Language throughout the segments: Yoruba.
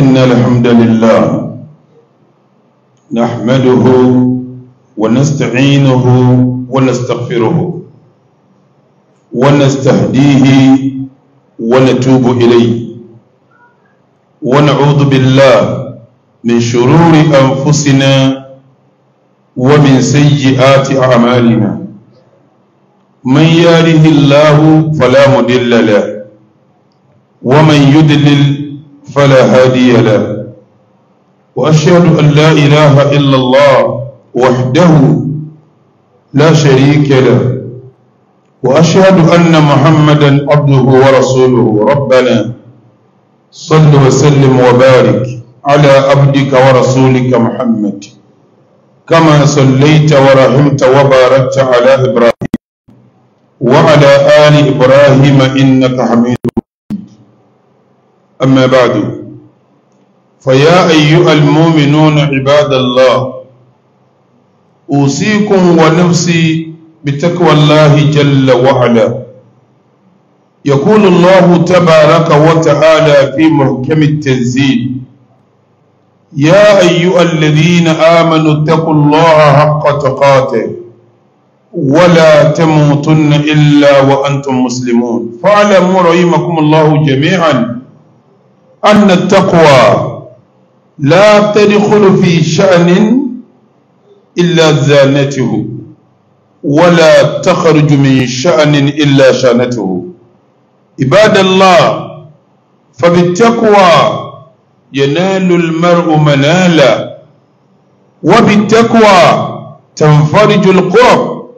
إن الحمد لله نحمده ونستعينه ونستغفره ونستهديه ونتوب إليه ونعوذ بالله من شرور أنفسنا ومن سيئات أعمالنا من ياره الله فلا مضل له ومن يضلل فلا هادي له وأشهد أن لا إله إلا الله وحده لا شريك له وأشهد أن محمدا عبده ورسوله ربنا صل وسلم وبارك على عبدك ورسولك محمد كما صليت ورحمت وباركت على إبراهيم وعلى آل إبراهيم إنك حميد أما بعد فيا أيها المؤمنون عباد الله أوصيكم ونفسي بتقوى الله جل وعلا يقول الله تبارك وتعالى في محكم التنزيل يا أيها الذين آمنوا اتقوا الله حق تقاته ولا تموتن إلا وأنتم مسلمون فاعلموا رحمكم الله جميعاً أن التقوى لا تدخل في شأن إلا زانته ولا تخرج من شأن إلا شانته عباد الله فبالتقوى ينال المرء منالا وبالتقوى تنفرج القرب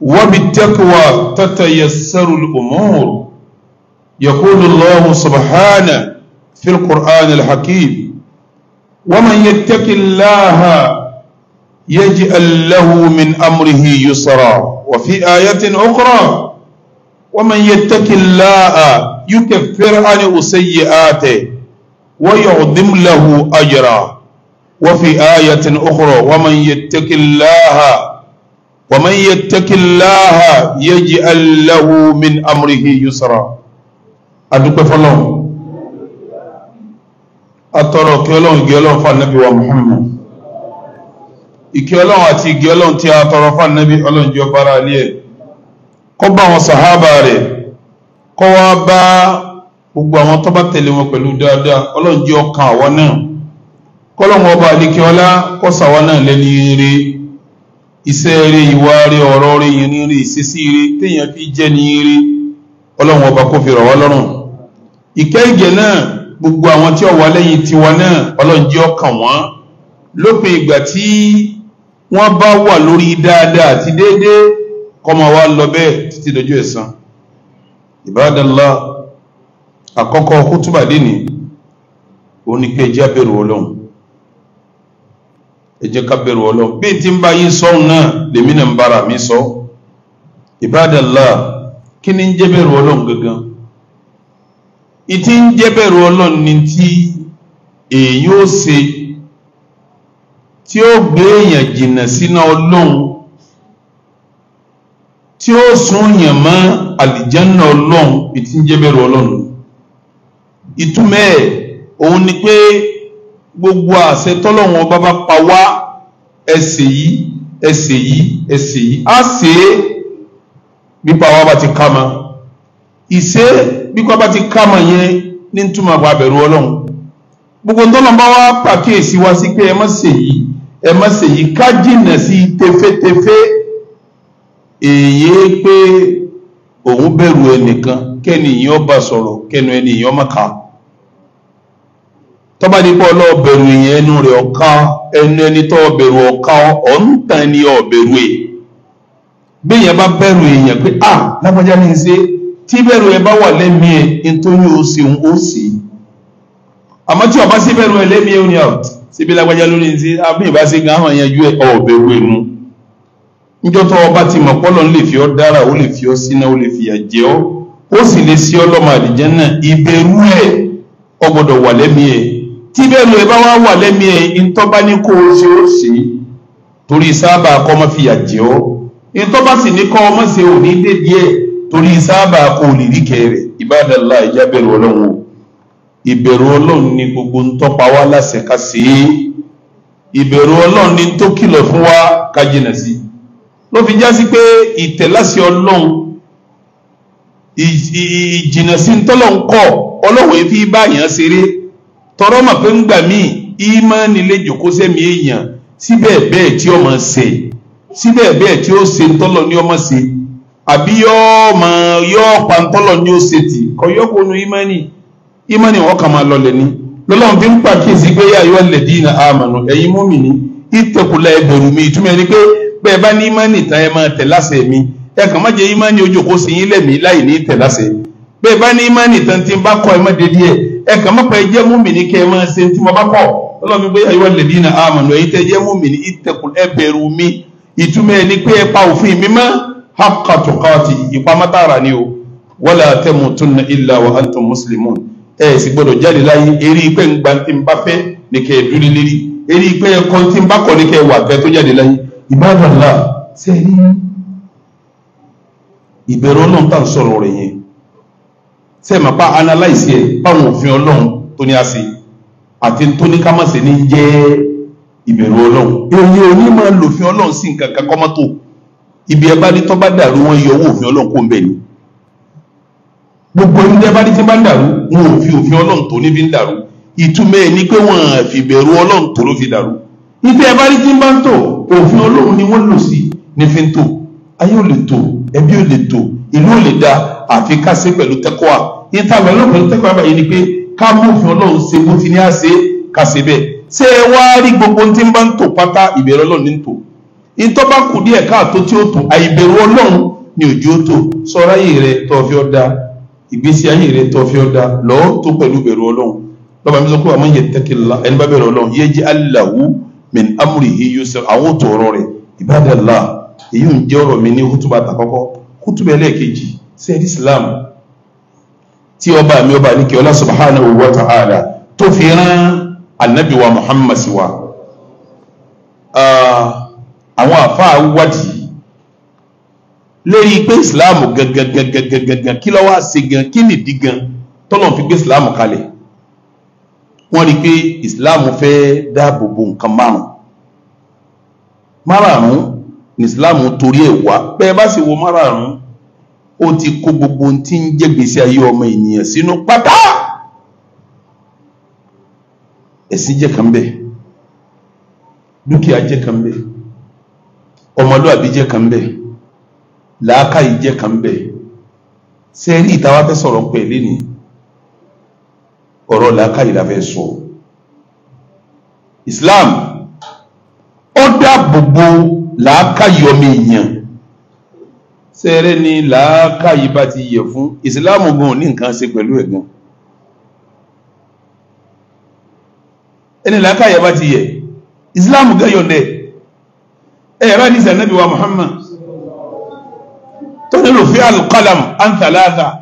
وبالتقوى تتيسر الأمور يقول الله سبحانه في القرآن الحكيم ومن يتق الله يجعل له من أمره يسرا وفي آية أخرى ومن يتق الله يكفر عن سيئاته ويعظم له أجرا وفي آية أخرى ومن يتق الله ومن يتق الله يجعل له من أمره يسرا adúpẹ́ fọ́lọ́run atọ́rọ kí ọlọ́run ìgẹ́ ọlọ́run fún wa Muhammad ìkẹ́ ọlọ́run àti ìgẹ́ ọlọ́run tí a tọrọ fún ọlọ́run jọ bára alẹ́ ẹ̀ kọ́ bá àwọn sàhábà rẹ̀ kọ́ wá bá gbogbo àwọn tó bá wọn pẹ̀lú dáadáa ọlọ́run àwọn náà ọba ọlá kọ́ sàwọn náà iṣẹ́ ìwà ọ̀rọ̀ ìrìn ìṣesí téèyàn ọba kò fi rọ̀ ìkẹ́ ìgẹ̀ náà gbogbo àwọn tí ó wà lẹ́yìn tiwọn náà ọlọ́run jẹ́ ọkàn wọn lópin ìgbà tí wọ́n bá wà lórí dáadáa àti déédéé kọ́mọ wa lọ bẹ́ẹ̀ títí dojú ẹ̀san ìbádàlá àkọ́kọ́ kútùbà dínì òun ni pé ọlọ́run ẹ jẹ́ ọlọ́run bí tí ń bá yín sọ́hun náà lèmi náà ń bára mi sọ ìbádàlá kí ni ń jẹ́ bẹ̀rù ọlọ́run gangan ìtí ń jẹ́ bẹ̀rù ọlọ́run ni tí èyí ó ṣe tí ó gbé èèyàn jìnnà síná ọlọ́run tí ó sún èèyàn mọ́ àlìjẹ́nà ọlọ́run ìtí ń jẹ́ bẹ̀rù ọlọ́run ìtumọ̀ ẹ̀ òun ni pé gbogbo àṣẹ tọ́lọ́run ọba bá pa wá ẹsẹ̀ yìí ẹsẹ̀ yìí ẹsẹ̀ yìí á ṣe é bí pa wá bá ti ká ma ìṣe é bí kọ́ bá ti kámọ̀ yẹn ní túmọ̀ bá bẹ̀rù ọlọ́run gbogbo ntọ́nà bá wá pàkíyèsí wa sí pé ẹ má ṣe yìí ẹ má ṣe yìí ká jìnà sí tefetefe èyí pé òun bẹ̀rù ẹnìkan kẹ́ni ìyẹn ọba sọ̀rọ̀ kẹ́nu ẹni ìyẹn ọmọka tọ́ba dípọ̀ ọlọ́ọ̀ bẹ̀rù ìyẹn ẹnu rẹ̀ ọ̀ka ẹnu ẹni tọ́ bẹ̀rù ọ̀ka ọ̀ǹtàn ni ọ̀bẹ̀rù ẹ̀ bí èèyàn bá bẹ̀rù èèyàn pé à lápájá ní í ṣe é tí bẹ̀rù ẹ bá wà lẹ́mí ẹ nítorí ó sì ń ó sì àmọ́ tí ọba sí bẹ̀rù ẹ lẹ́mí ẹ ó ní ọ síbi lágbájá lórí ti àbí ìbá sí gan hàn yanjú ẹ ọ̀bẹ̀rù ẹnu níjọ́ tó ọba ti mọ̀ pọ́lọ́ lè fi ọ́ dára ó lè fi ọ́ síná ó lè fìyà jẹ ọ́ ó sì lè sí ọlọ́mọ àdìjẹ́ náà ìbẹ̀rù ẹ ó wà lẹ́mí ẹ tí bẹ̀rù ẹ bá wà wà lẹ́mí ẹ ìtọ́ba ní kó o ṣe ó ṣe torí sábà kọ́ ọmọ fìyà jẹ ọ́ ìtọ́ba sì ní kọ́ ọmọ ṣe òní dé díẹ̀ torí sábà kò lè rí kẹrẹ ìbádàlá ìjábẹ̀rù ọlọ́run o ìbẹ̀rù ọlọ́run ni gbogbo ń tọ́pa wá láṣẹ ká sí i ìbẹ̀rù ọlọ́run ni tó kìlọ̀ fún wa ká jìnà sí i ló fi já sí pé ìtẹ̀láṣẹ ọlọ́run ìjìnà sí ń tọ́lọ̀ ń kọ́ ọlọ́run èéfì báyàn ṣeré tọrọ mọ̀ pé ń gbà míì ìmánì lè jòkó sẹ́mi èèyàn síbẹ̀ bẹ́ẹ̀ tí ọmọ ṣe síbẹ̀ bẹ́ẹ̀ tí ó ṣe ń tọ́lọ̀ ní ọmọ ṣe àbí yóò mọ yóò pa ntọ́lọ̀ ní ó ṣe yóò kó nu ìmánì wọn kà máa lọlẹ̀ ni lọ́lọ́run fi ń pàkíyèsí pé yà yọ lẹ̀ dínà àmànù ẹ̀yin mùmínì ìtẹ̀kùlà ẹ̀bẹ̀rù mi ìtumọ̀ ẹni pé bẹ́ẹ̀ bá ní ìmánì tán ẹ máa tẹ̀ láṣẹ mi ẹ kàn má jẹ́ ìmánì ojú kó sì yín lẹ̀mí láì ní tẹ̀ láṣẹ bẹ́ẹ̀ bá ní ìmánì tán tí ń bá kọ́ ẹ má dédí ẹ ẹ kàn má pa ẹ jẹ́ mùmínì kẹ́ ẹ máa ṣe tí mo bá kọ́ lọ́lọ́run fi pé yà yọ lẹ̀ dínà àmànù ẹ̀yin haqqa tuqati ìpamọ́ tààrà ni o wala tamutunna illa wa antum muslimun ẹ̀ sì gbọ́dọ̀ jáde láyé eré pé ń gba tí ń bá fẹ́ ní kẹ́ ẹ̀ dúró lérí eré pé ẹ̀kọ́ tí ń bá kọ́ ní kẹ́ ẹ̀ wà fẹ́ tó jáde láyé ìbádàlá ṣe rí ìbẹ̀rù ọlọ́run tá à ń sọ̀rọ̀ rẹ̀ yẹn ṣe é mà pa analyse ẹ̀ báwọn òfin ọlọ́run tó ní àṣẹ àti tó ní ká má ṣe ní jẹ́ ìbẹ̀rù ọlọ́run èyí ò ní máa lòfin ọlọ́run sí nǹkan kan kọ́mọ́tò ibi ẹ bá rí tán bá dàrú wọn yọ owó òfin ọlọ́run kó ń bẹ̀ ni gbogbo ibi ẹ bá rí tí bá ń dàrú wọn ò fi òfin ọlọ́run tó níbi ń dàrú ìtumọ̀ ẹ̀ ni pé wọ́n fìbẹ̀rù ọlọ́run tó ló fi dàrú ibi ẹ bá rí tí bá ń tò òfin ọlọ́run ni wọ́n lò sí ní fi ń tò ayé ò lè tò ẹbí ò lè tò ìlú ò lè da àfi ká ṣe pẹ̀lú tẹ́kọ̀ọ́ ìtàwé ọlọ́run pẹ̀lú tẹ́kọ̀ọ́ ni pé ká mú òfin ọlọ́run ìtọ́ bá kù díẹ̀ káàtó tí ó tó àìbẹ̀rù ọlọ́run ni òjò tó sọ́ra ayé rẹ tó fi ọ́ da ìgbésí ayé rẹ tó fi ọ́ da lọ́ọ́ tó pẹ̀lú bẹ̀rù ọlọ́run lọ́ba mi sọ pé àmọ́ yẹ la ẹni bá bẹ̀rù ọlọ́run yẹ jẹ́ aláwo min amrihi yusuf àwọn tó ọ̀rọ̀ rẹ̀ ìbádàlá èyí ń jẹ́ ọ̀rọ̀ mi ní kútùbà àtàkọ́kọ́ wa muhammad siwa. Ah, àwọn àfáà wádìí lérí pé islam gangan kí ló wá ṣe gan kí nìdí gan tọ́lọ̀ fi gbé islam kalẹ̀ wọ́n rí i pé islam fẹ́ dáàbò bo nǹkan márùn-ún márààrún ní islam torí ẹ̀ wá bẹ́ẹ̀ bá sì wo márààrún ó ti kó gbogbo ohun tí ń jẹ́ gbèsè ayé ọmọ ènìyàn sínú pátá ẹ̀sìn jẹ́ kan bẹ́ẹ̀ dúkìá jẹ́ kan bẹ́ẹ̀ ọmọlúwàbí jẹ́ kan bẹ́ẹ̀ làákàyè jẹ́ kan bẹ́ẹ̀ ṣe rí ìtawá fẹ́ sọ̀rọ̀ pẹ̀ lẹ́ni ọ̀rọ̀ làákàyè la fẹ́ sọ Islam ó dáàbò bo làákàyè ọmọ èèyàn sẹ́rẹ́ ni làákàyè bá ti yẹ fún ìsìláàmù gan ní nǹkan ṣe pẹ̀lú ẹ̀ gan ẹni làákàyè bá ti yẹ ìsìláàmù gan yọ̀ndẹ̀ ẹ̀rọ eh, ní zanabi wa Muhammad tó nílò fi alqalam an thalatha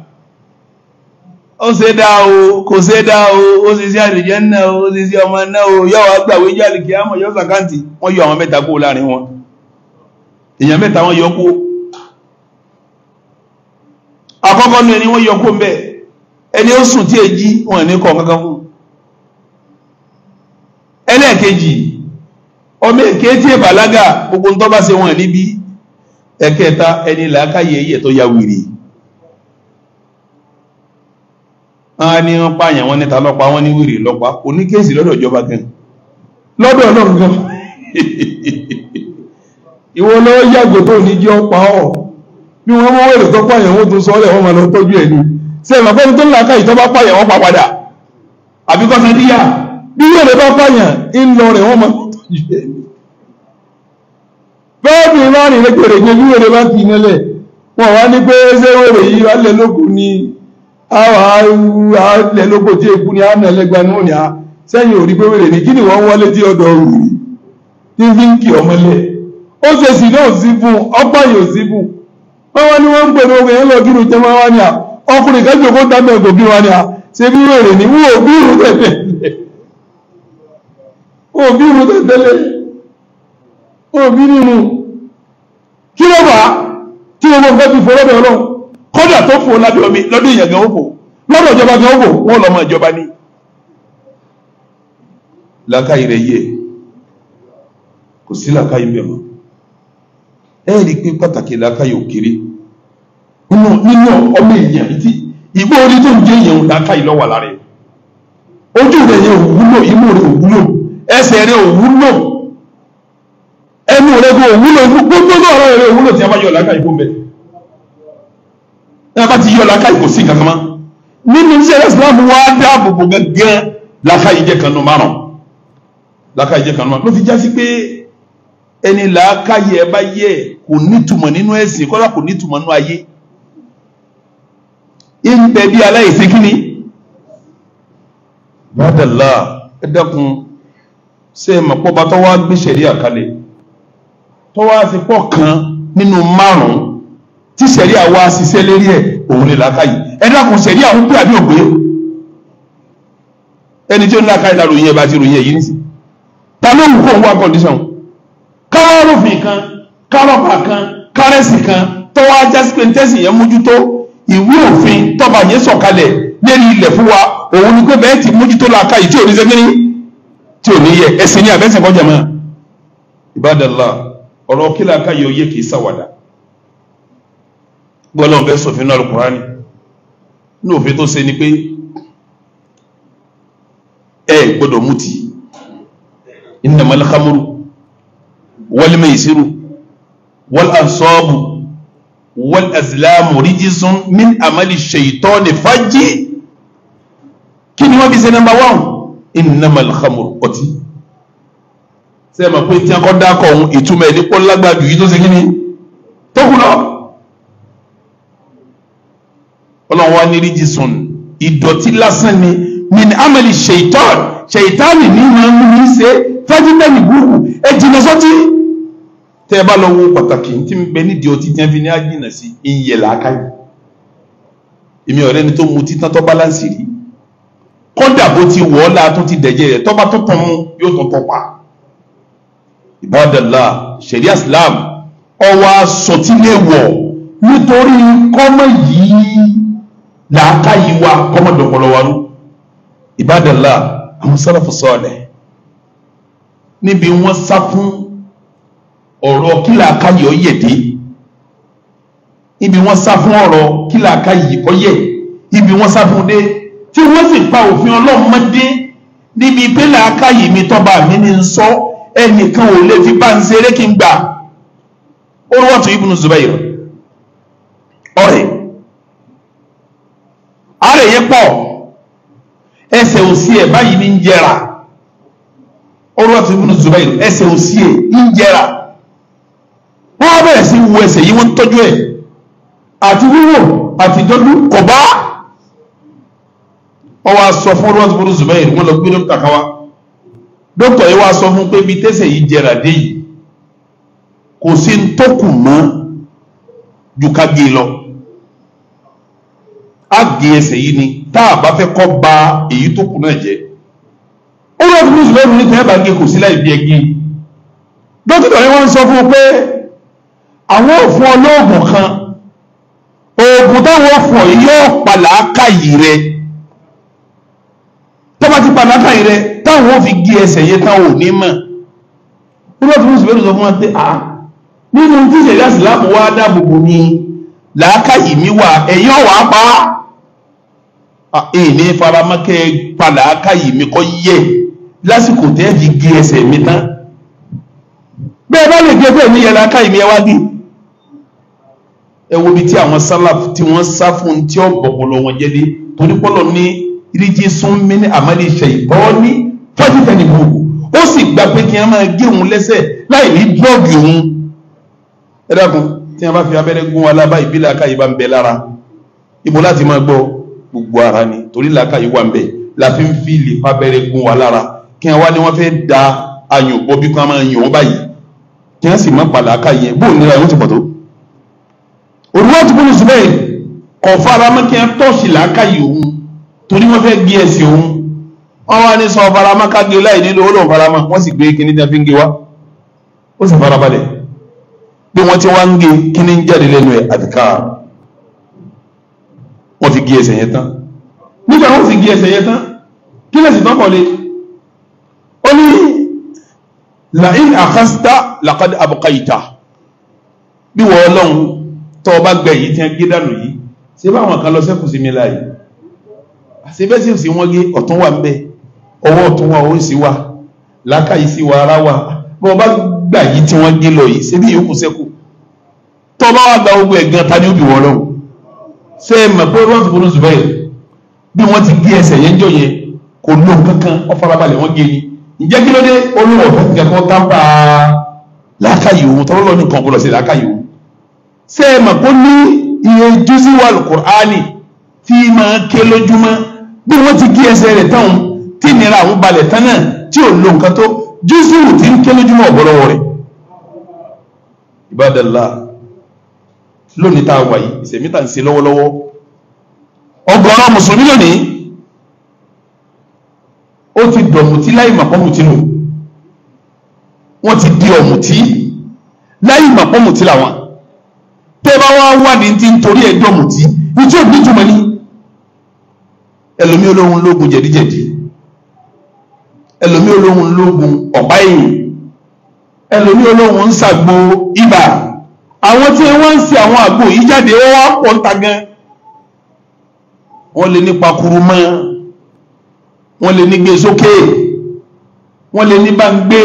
ó ṣe dá o kò ṣe dá o ó ṣe sí àlìjẹ́ náà ó ṣe sí ọmọ náà o yọ́wọ́ agbàwé jẹ́ àlìkẹ́ àmọ́ yọ́ sàkáǹtì wọ́n yọ àwọn láàrin wọn èèyàn mẹ́ta wọ́n yọ kó ẹni yọ ẹni ó ọmọ èké tí ìbàlágà gbogbo tó bá ṣe wọn níbi ẹ̀kẹta ẹni làákàyè yẹ tó ya wèrè wọn ní wọn pààyàn wọn níta lọ́pàá wọn ní wèrè lọ́pàá oníkéèsì lọ́dọ̀ ìjọba gan lọ́dọ̀ ọlọ́run gan ìwọ lọ́wọ́ yàgò tó ní jẹ́ ọ̀pá ọ̀ bí wọ́n mọ́ wèrè tó pààyàn wọn tó sọ́ọ́lẹ̀ wọn máa lọ tọ́jú ẹ̀ ní ṣe ìmọ̀pẹ́ni tó ń làákàyè tó bá pààyàn wọn pa padà àbíkọ́sán díyà bí wèrè bá pààyàn ń lọ rẹ̀ wọ́n máa tọ́jú ẹ̀ ní bẹ́ẹ̀ni máa rìn lẹ́gbẹ̀rẹ̀ ní wíwèrè bá ti nílẹ̀ wọ́n wá ní pé ṣéwèrè yìí wá lẹ lóko ní àwọn alẹ lóko tí èkú ní àná ẹlẹgba ní òní à sẹ́yìn òrí pé wèrè ní kí ni wọ́n wọlé tí ọdọ òrùn ní fíńkì ọmọlẹ̀ ó ṣe sì náà sí fún ọgbà yóò sí fún wọ́n wá ní wọ́n ń pèrè ogun yẹn lọ kí irun jẹ́ máa wá ní à ọkùnrin kẹ́jọ kó dá mẹ́kọ̀ọ́ bí wá ní à ṣe bí wèrè ní wọ́n òbí irun tẹ̀tẹ̀lẹ̀ wọn ò bí nínú kí ló wà tí wọn fẹ́ fi fọlọ́dọ̀ ọlọ́run kọ́dà tó fò lábẹ́ omi lọ́dún èèyàn gan ó fò lọ́dọ̀ ìjọba gan ó fò wọn lọ́mọ ìjọba ní. làákàyè rẹ̀ yé kò sí làákàyè bẹ́ẹ̀ mọ́ ẹ rí i pé pàtàkì làákàyè ò kéré nínú nínú ọmọ èèyàn tí ìgbó orí tó ń jẹ èèyàn làákàyè lọ́wọ́ lára ẹ̀ ojú rẹ̀ yẹn ò wúlò imú rẹ̀ ẹsẹ̀ rẹ̀ ò ẹnu rẹgbọ òwúlò gbogbo ọ̀rọ̀ rẹ òwúlò tí a bá yọ làákà ìbò mẹ tí a bá ti yọ làákà ìbò sí kankan mọ́ nínú iṣẹ́ islam wá dáàbò bò gángan làákà ìjẹ kanu márùn làákà ìjẹ kanu márùn ló fi jásí pé ẹni làákà yẹ bá yẹ kò nítumọ̀ nínú ẹ̀sìn kọ́lá kò nítumọ̀ nínú ayé ìbẹ̀ bí aláìsí kíni bàdàlá ẹ dákun ṣe é mọ̀ pọ́ bá wá gbé ṣẹ̀rí àkálẹ̀ tó wá sí pọ̀ kan nínú márùn-ún tí sẹ̀ríà wá ṣiṣẹ́ lérí ẹ̀ òun lè làákàyè ẹ dákun sẹ̀ríà ń pè àbí òpè ẹni tí ó ní làákàyè lára òyìn ẹ̀ bá ti ròyìn ẹ̀ yìí nísì ta ló wù kó ń wá condition kárọ̀fìn kan kárọ̀pà kan kárẹ́sì kan tó wá jásí pé tẹ́sì yẹn mójútó ìwé òfin tọ́ba yẹn sọ̀kalẹ̀ lérí ilẹ̀ fún wa òun ni pé bẹ́ẹ̀ ti mójútó làákàyè tí ò ní sẹ́kẹ́ni tí ò ní yẹ ẹ̀sìn ní àbẹ́sẹ̀ kọjá mọ́ ibadallah ọ̀rọ̀ kí làákà yọ yé kìí sàwàdà gbọ́dọ̀ bẹ́ẹ̀ sọ̀fin náà Al-Kùránì ní òfin tó ṣe ni pé ẹ gbọ́dọ̀ mutí innamal khamru wal maisiru wal ansabu wal azlamu rijsun min amali kí ni wọ́n fi ṣe number one innamal khamru ọtí ṣe é mọ̀ pé tí a kọ́ dákọ̀ ọ̀hún ìtumọ̀ ẹni pọ́ lágbàá ju yìí tó ṣe kí ni tó kù lọ. ọlọ́run wa ní ríjìsùn ìdọ̀tí lásán ni min amali ṣèitán ṣèitán ní ìran mi ṣe fẹ́jìdá ní gúrù ẹ jìnà sọ́tí. tẹ́ ẹ bá lọ wo pàtàkì tí ń bẹ nídìí ọtí tí wọ́n fi ní àjìnà sí ìyẹ̀ làákàyè. èmi ọ̀rẹ́ mi tó mu títán tó báláǹsì rí kọ́dà bó ti wọ̀ ọ́ la ti dẹ̀jẹ̀ rẹ̀ tọ́ba tó tán mu yóò tó tọ́ pa ìbádàlá ṣẹ̀ríà Islam ọwọ́ sọtíléwọ̀ nítorí kọ́mọ̀ yìí làákà yìí wá kọ́mọ̀ dọ̀pọ̀lọ́ wa rú ìbádàlá àwọn sálàfù sọ̀lẹ̀ níbi wọ́n sá fún ọ̀rọ̀ kí làákà yìí ọ̀yẹ̀ dé ibi wọ́n sá fún ọ̀rọ̀ kí làákà yìí ọ̀yẹ̀ ibi wọ́n sá fún dé tí wọ́n sì pa òfin ọlọ́run níbi pé làákà yìí mi tọ́ba mi ní sọ́ọ́ ẹnìkan ò lè fi bá ń ṣeré kí n gbà Urwatu ibn Zubair ọ̀rẹ́ ààrẹ yẹn pọ̀ ẹsẹ̀ òsì ẹ̀ báyìí ní ń jẹrà Urwatu ibn Zubair ẹsẹ̀ òsì ẹ̀ ń jẹrà wọ́n á bẹ̀rẹ̀ sí wo ẹsẹ̀ yìí wọ́n ń tọ́jú ẹ̀ àti wíwò àti ìjọ́dú kò bá ọwọ́ aṣọ fún Urwatu ibn Zubair wọ́n lọ gbé dókítà káwá dókítà yìí wá sọ fún pé ibi tẹ́sẹ̀ yìí jẹrà dé yìí kò sí ń tó kù mọ́ ju ká gé e lọ á gé ẹsẹ̀ yìí ni tá a bá fẹ́ kọ́ ba èyí tó kù náà jẹ́ ó lọ́ọ́ fún mùsùlùmí ní tẹ́lẹ̀ bá gé kò sí láì bí ẹ gé dókítà yìí wá sọ fún pé àwọn òfin olóògùn kan oògùn táwọn òfin yìí yóò pa làákàyè rẹ tó bá ti pa làákàyè rẹ táwọn ó fi gé ẹsẹ̀ yẹn táwọn ò ní mọ̀ nígbà tí mùsùlùmí sọ fún wa pé ah nínú tí ìṣẹ̀lẹ̀ àsìláàmù wa dáàbòbò ni làákàyè mi wà ẹ̀yìn ọ̀wà pa ah, èmi faramọ́kẹ́ pa làákàyè mi kọ́ yẹ lásìkò tẹ́ fi gé ẹsẹ̀ mi tán bẹ́ẹ̀ bá lè gé bẹ́ẹ̀ ní yẹ làákàyè mi ẹ wá dì ẹ wo bi tí àwọn sálàf tí wọ́n sá fún tí ó wọn jẹ́ dé torí pọ́lọ̀ ní ríjí sún ní àmàlẹ́ ìṣẹ̀ ìbọ́ ní fọ́jú tẹnìbù ó sì gbà pé kí wọ́n máa gé òun lẹ́sẹ̀ láì ní dírọ́ọ̀gì òun ẹ dákun tí wọ́n bá fi abẹ́rẹ́ gún wa lábá ìbílẹ̀ akáyí bá ń bẹ lára ibo láti máa gbọ́ gbogbo ara ni torí làákàyí wà ń bẹ la fi ń fi lè fábẹ́rẹ́ gún wa lára kí wọ́n wá ní wọ́n fẹ́ da ayùn bọ́ bí kí wọ́n máa yàn wọ́n báyìí kí wọ́n sì má pa làákàyí yẹn bó nira ìwọ́n ti pọ̀ tó. òrùwọ́ ti kúrò síbẹ̀ kọ̀ fara mọ́ kí wọ́n tọ́sí wọ́n wá ní sọ farama kági láì nílò ó lòun farama wọ́n sì gbé kíní tán fi ń gé wá ó sì farabalẹ̀ bí wọ́n ti wá ń gé kíní ń jáde lẹ́nu ẹ̀ àdìkà wọ́n fi gé ẹsẹ̀ yẹn tán nígbà wọ́n sì gé ẹsẹ̀ yẹn tán kí lè tán kọ̀ lé ó ní la'in akhasta laqad abqaita bí wọ́n ọlọ́run tọ́ ọ bá gbẹ yìí tí wọ́n gé dànù yìí ṣé báwọn kan lọ sẹ́kù sí mi láàyè àṣebẹ́sẹ̀ sí wọ́n gé ọ̀tún wà ń bẹ́ẹ̀ ọwọ́ ọ̀tún wa òun sì wà lákàyè sí wa ara wa bọ́ ọba gbà yìí tí wọ́n gé lọ yìí ṣé bí yòókù sẹ́kù tọ́ bá wà gba gbogbo ẹ̀gán ta ni ó bì wọ́n lọ́wọ́ ṣé ẹ mọ̀ pé wọ́n ti fún oṣù bẹ́ẹ̀ bí wọ́n ti gé ẹsẹ̀ yẹn jọ yẹn kò ló kankan ọ̀farabalẹ̀ wọ́n gé ni ǹjẹ́ kí ló dé olówó ọ̀fẹ́ kíkẹ́ kọ́ tábà lákàyè òun tọ́lọ́ nìkan kó lọ sí lákàyè òun ṣé ẹ mọ̀ pé ní tí ìnira àwọn balẹ̀ tán náà tí ò lo nǹkan tó jésù tí ń ké lójúmọ́ ọ̀bọ̀lọ́wọ́ rẹ̀ ìbádàlá lónìí tá a wà yìí ìsẹ̀mí tá ń ṣe lọ́wọ́lọ́wọ́ ọgọ́rọ̀ mùsùlùmí lónìí ó ti dọ̀mùtí láì màpọ́mùtí nù wọ́n ti di ọ̀mùtí láì màpọ́mùtí làwọn tẹ́ bá wá wà ní ti torí ẹ̀ dọ̀mùtí ìjọba ìjọba ní ẹlòmí olóhun lógun jẹ̀díjẹ̀dí ẹlòmí olóhùn lógun ọ̀pá èyí ẹlòmí olóhùn ń ṣàgbo ibà àwọn tí wọ́n ń ṣe àwọn àgbo yìí jáde wọ́n wá pọ̀ ń ta gan wọ́n lè ní pakuru mọ́ wọ́n lè ní gbé sókè wọ́n lè ní bá ń gbé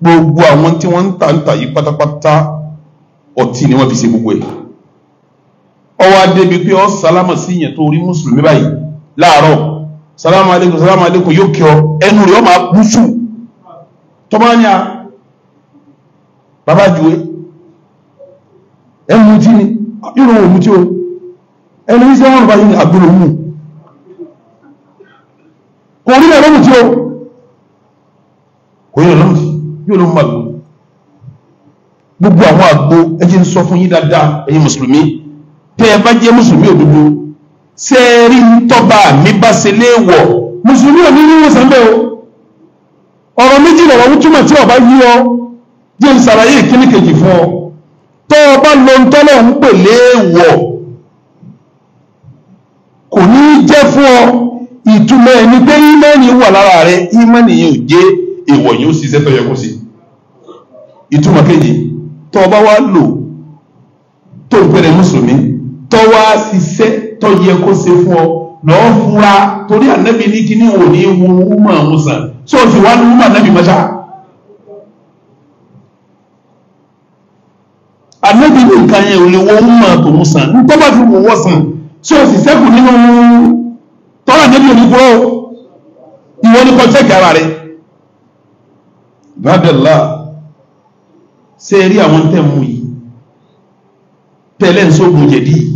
gbogbo àwọn tí wọ́n ń ta ń ta yìí pátápátá ọtí ni wọ́n fi ṣe gbogbo ẹ̀ ọwọ́ adébi pé ọ sálámà sí yẹn tó rí mùsùlùmí báyìí láàárọ̀ salamu alaikum salamu alaikum yóò ọ ẹnu rẹ̀ ọmọ àbúsù tó bá ẹnu ni yóò wọ́n mú tí o ẹnu yìí sí wọ́n bá yìí àgbèrò kò rí ẹ̀rọ mú o kò yẹ yóò gbogbo àwọn ń sọ fún yín dáadáa mùsùlùmí ẹ bá ṣe rí tọ́ba mi bá ṣe léèwọ̀ mùsùlùmí ò ní níwòsàn bẹ́ẹ̀ o ọ̀rọ̀ méjì lọ̀rọ̀ ń túmọ̀ tí ọba yí ọ jẹ́ ń ṣàlàyé ìkíní kejì fún ọ tọ́ ọba lo ń tọ́lọ̀ ń pè léèwọ̀ kò ní jẹ́ fún ọ ìtumọ̀ ẹni pé ímẹ́ni wà lára rẹ ímẹ́ni yóò jẹ́ èèwọ̀ yóò ṣiṣẹ́ tó yẹ kó sí ìtumọ̀ kejì tọ́ ọba wa lò tó ń pẹ̀lẹ́ mùsùlùmí tọ́ wa ṣiṣẹ́ tó yẹ kó ṣe fún ọ lọ́ọ́ fura torí ànábì ní kíní wò ní wu umar musa tí o sì wá ní umar ànábì mọ́ṣá. ànábì ní nǹkan yẹn ò lè wọ umar tó musa nítorí bá fi wò wọ́ sàn tí o sì sẹ́kù nínú tọ́lá ànábì ò ní kúrò ìwọ ní kọ́ sẹ́kì ara bàbá ṣe rí àwọn tẹ̀ mú yìí tẹ̀lé ń sógun jẹ̀dí yìí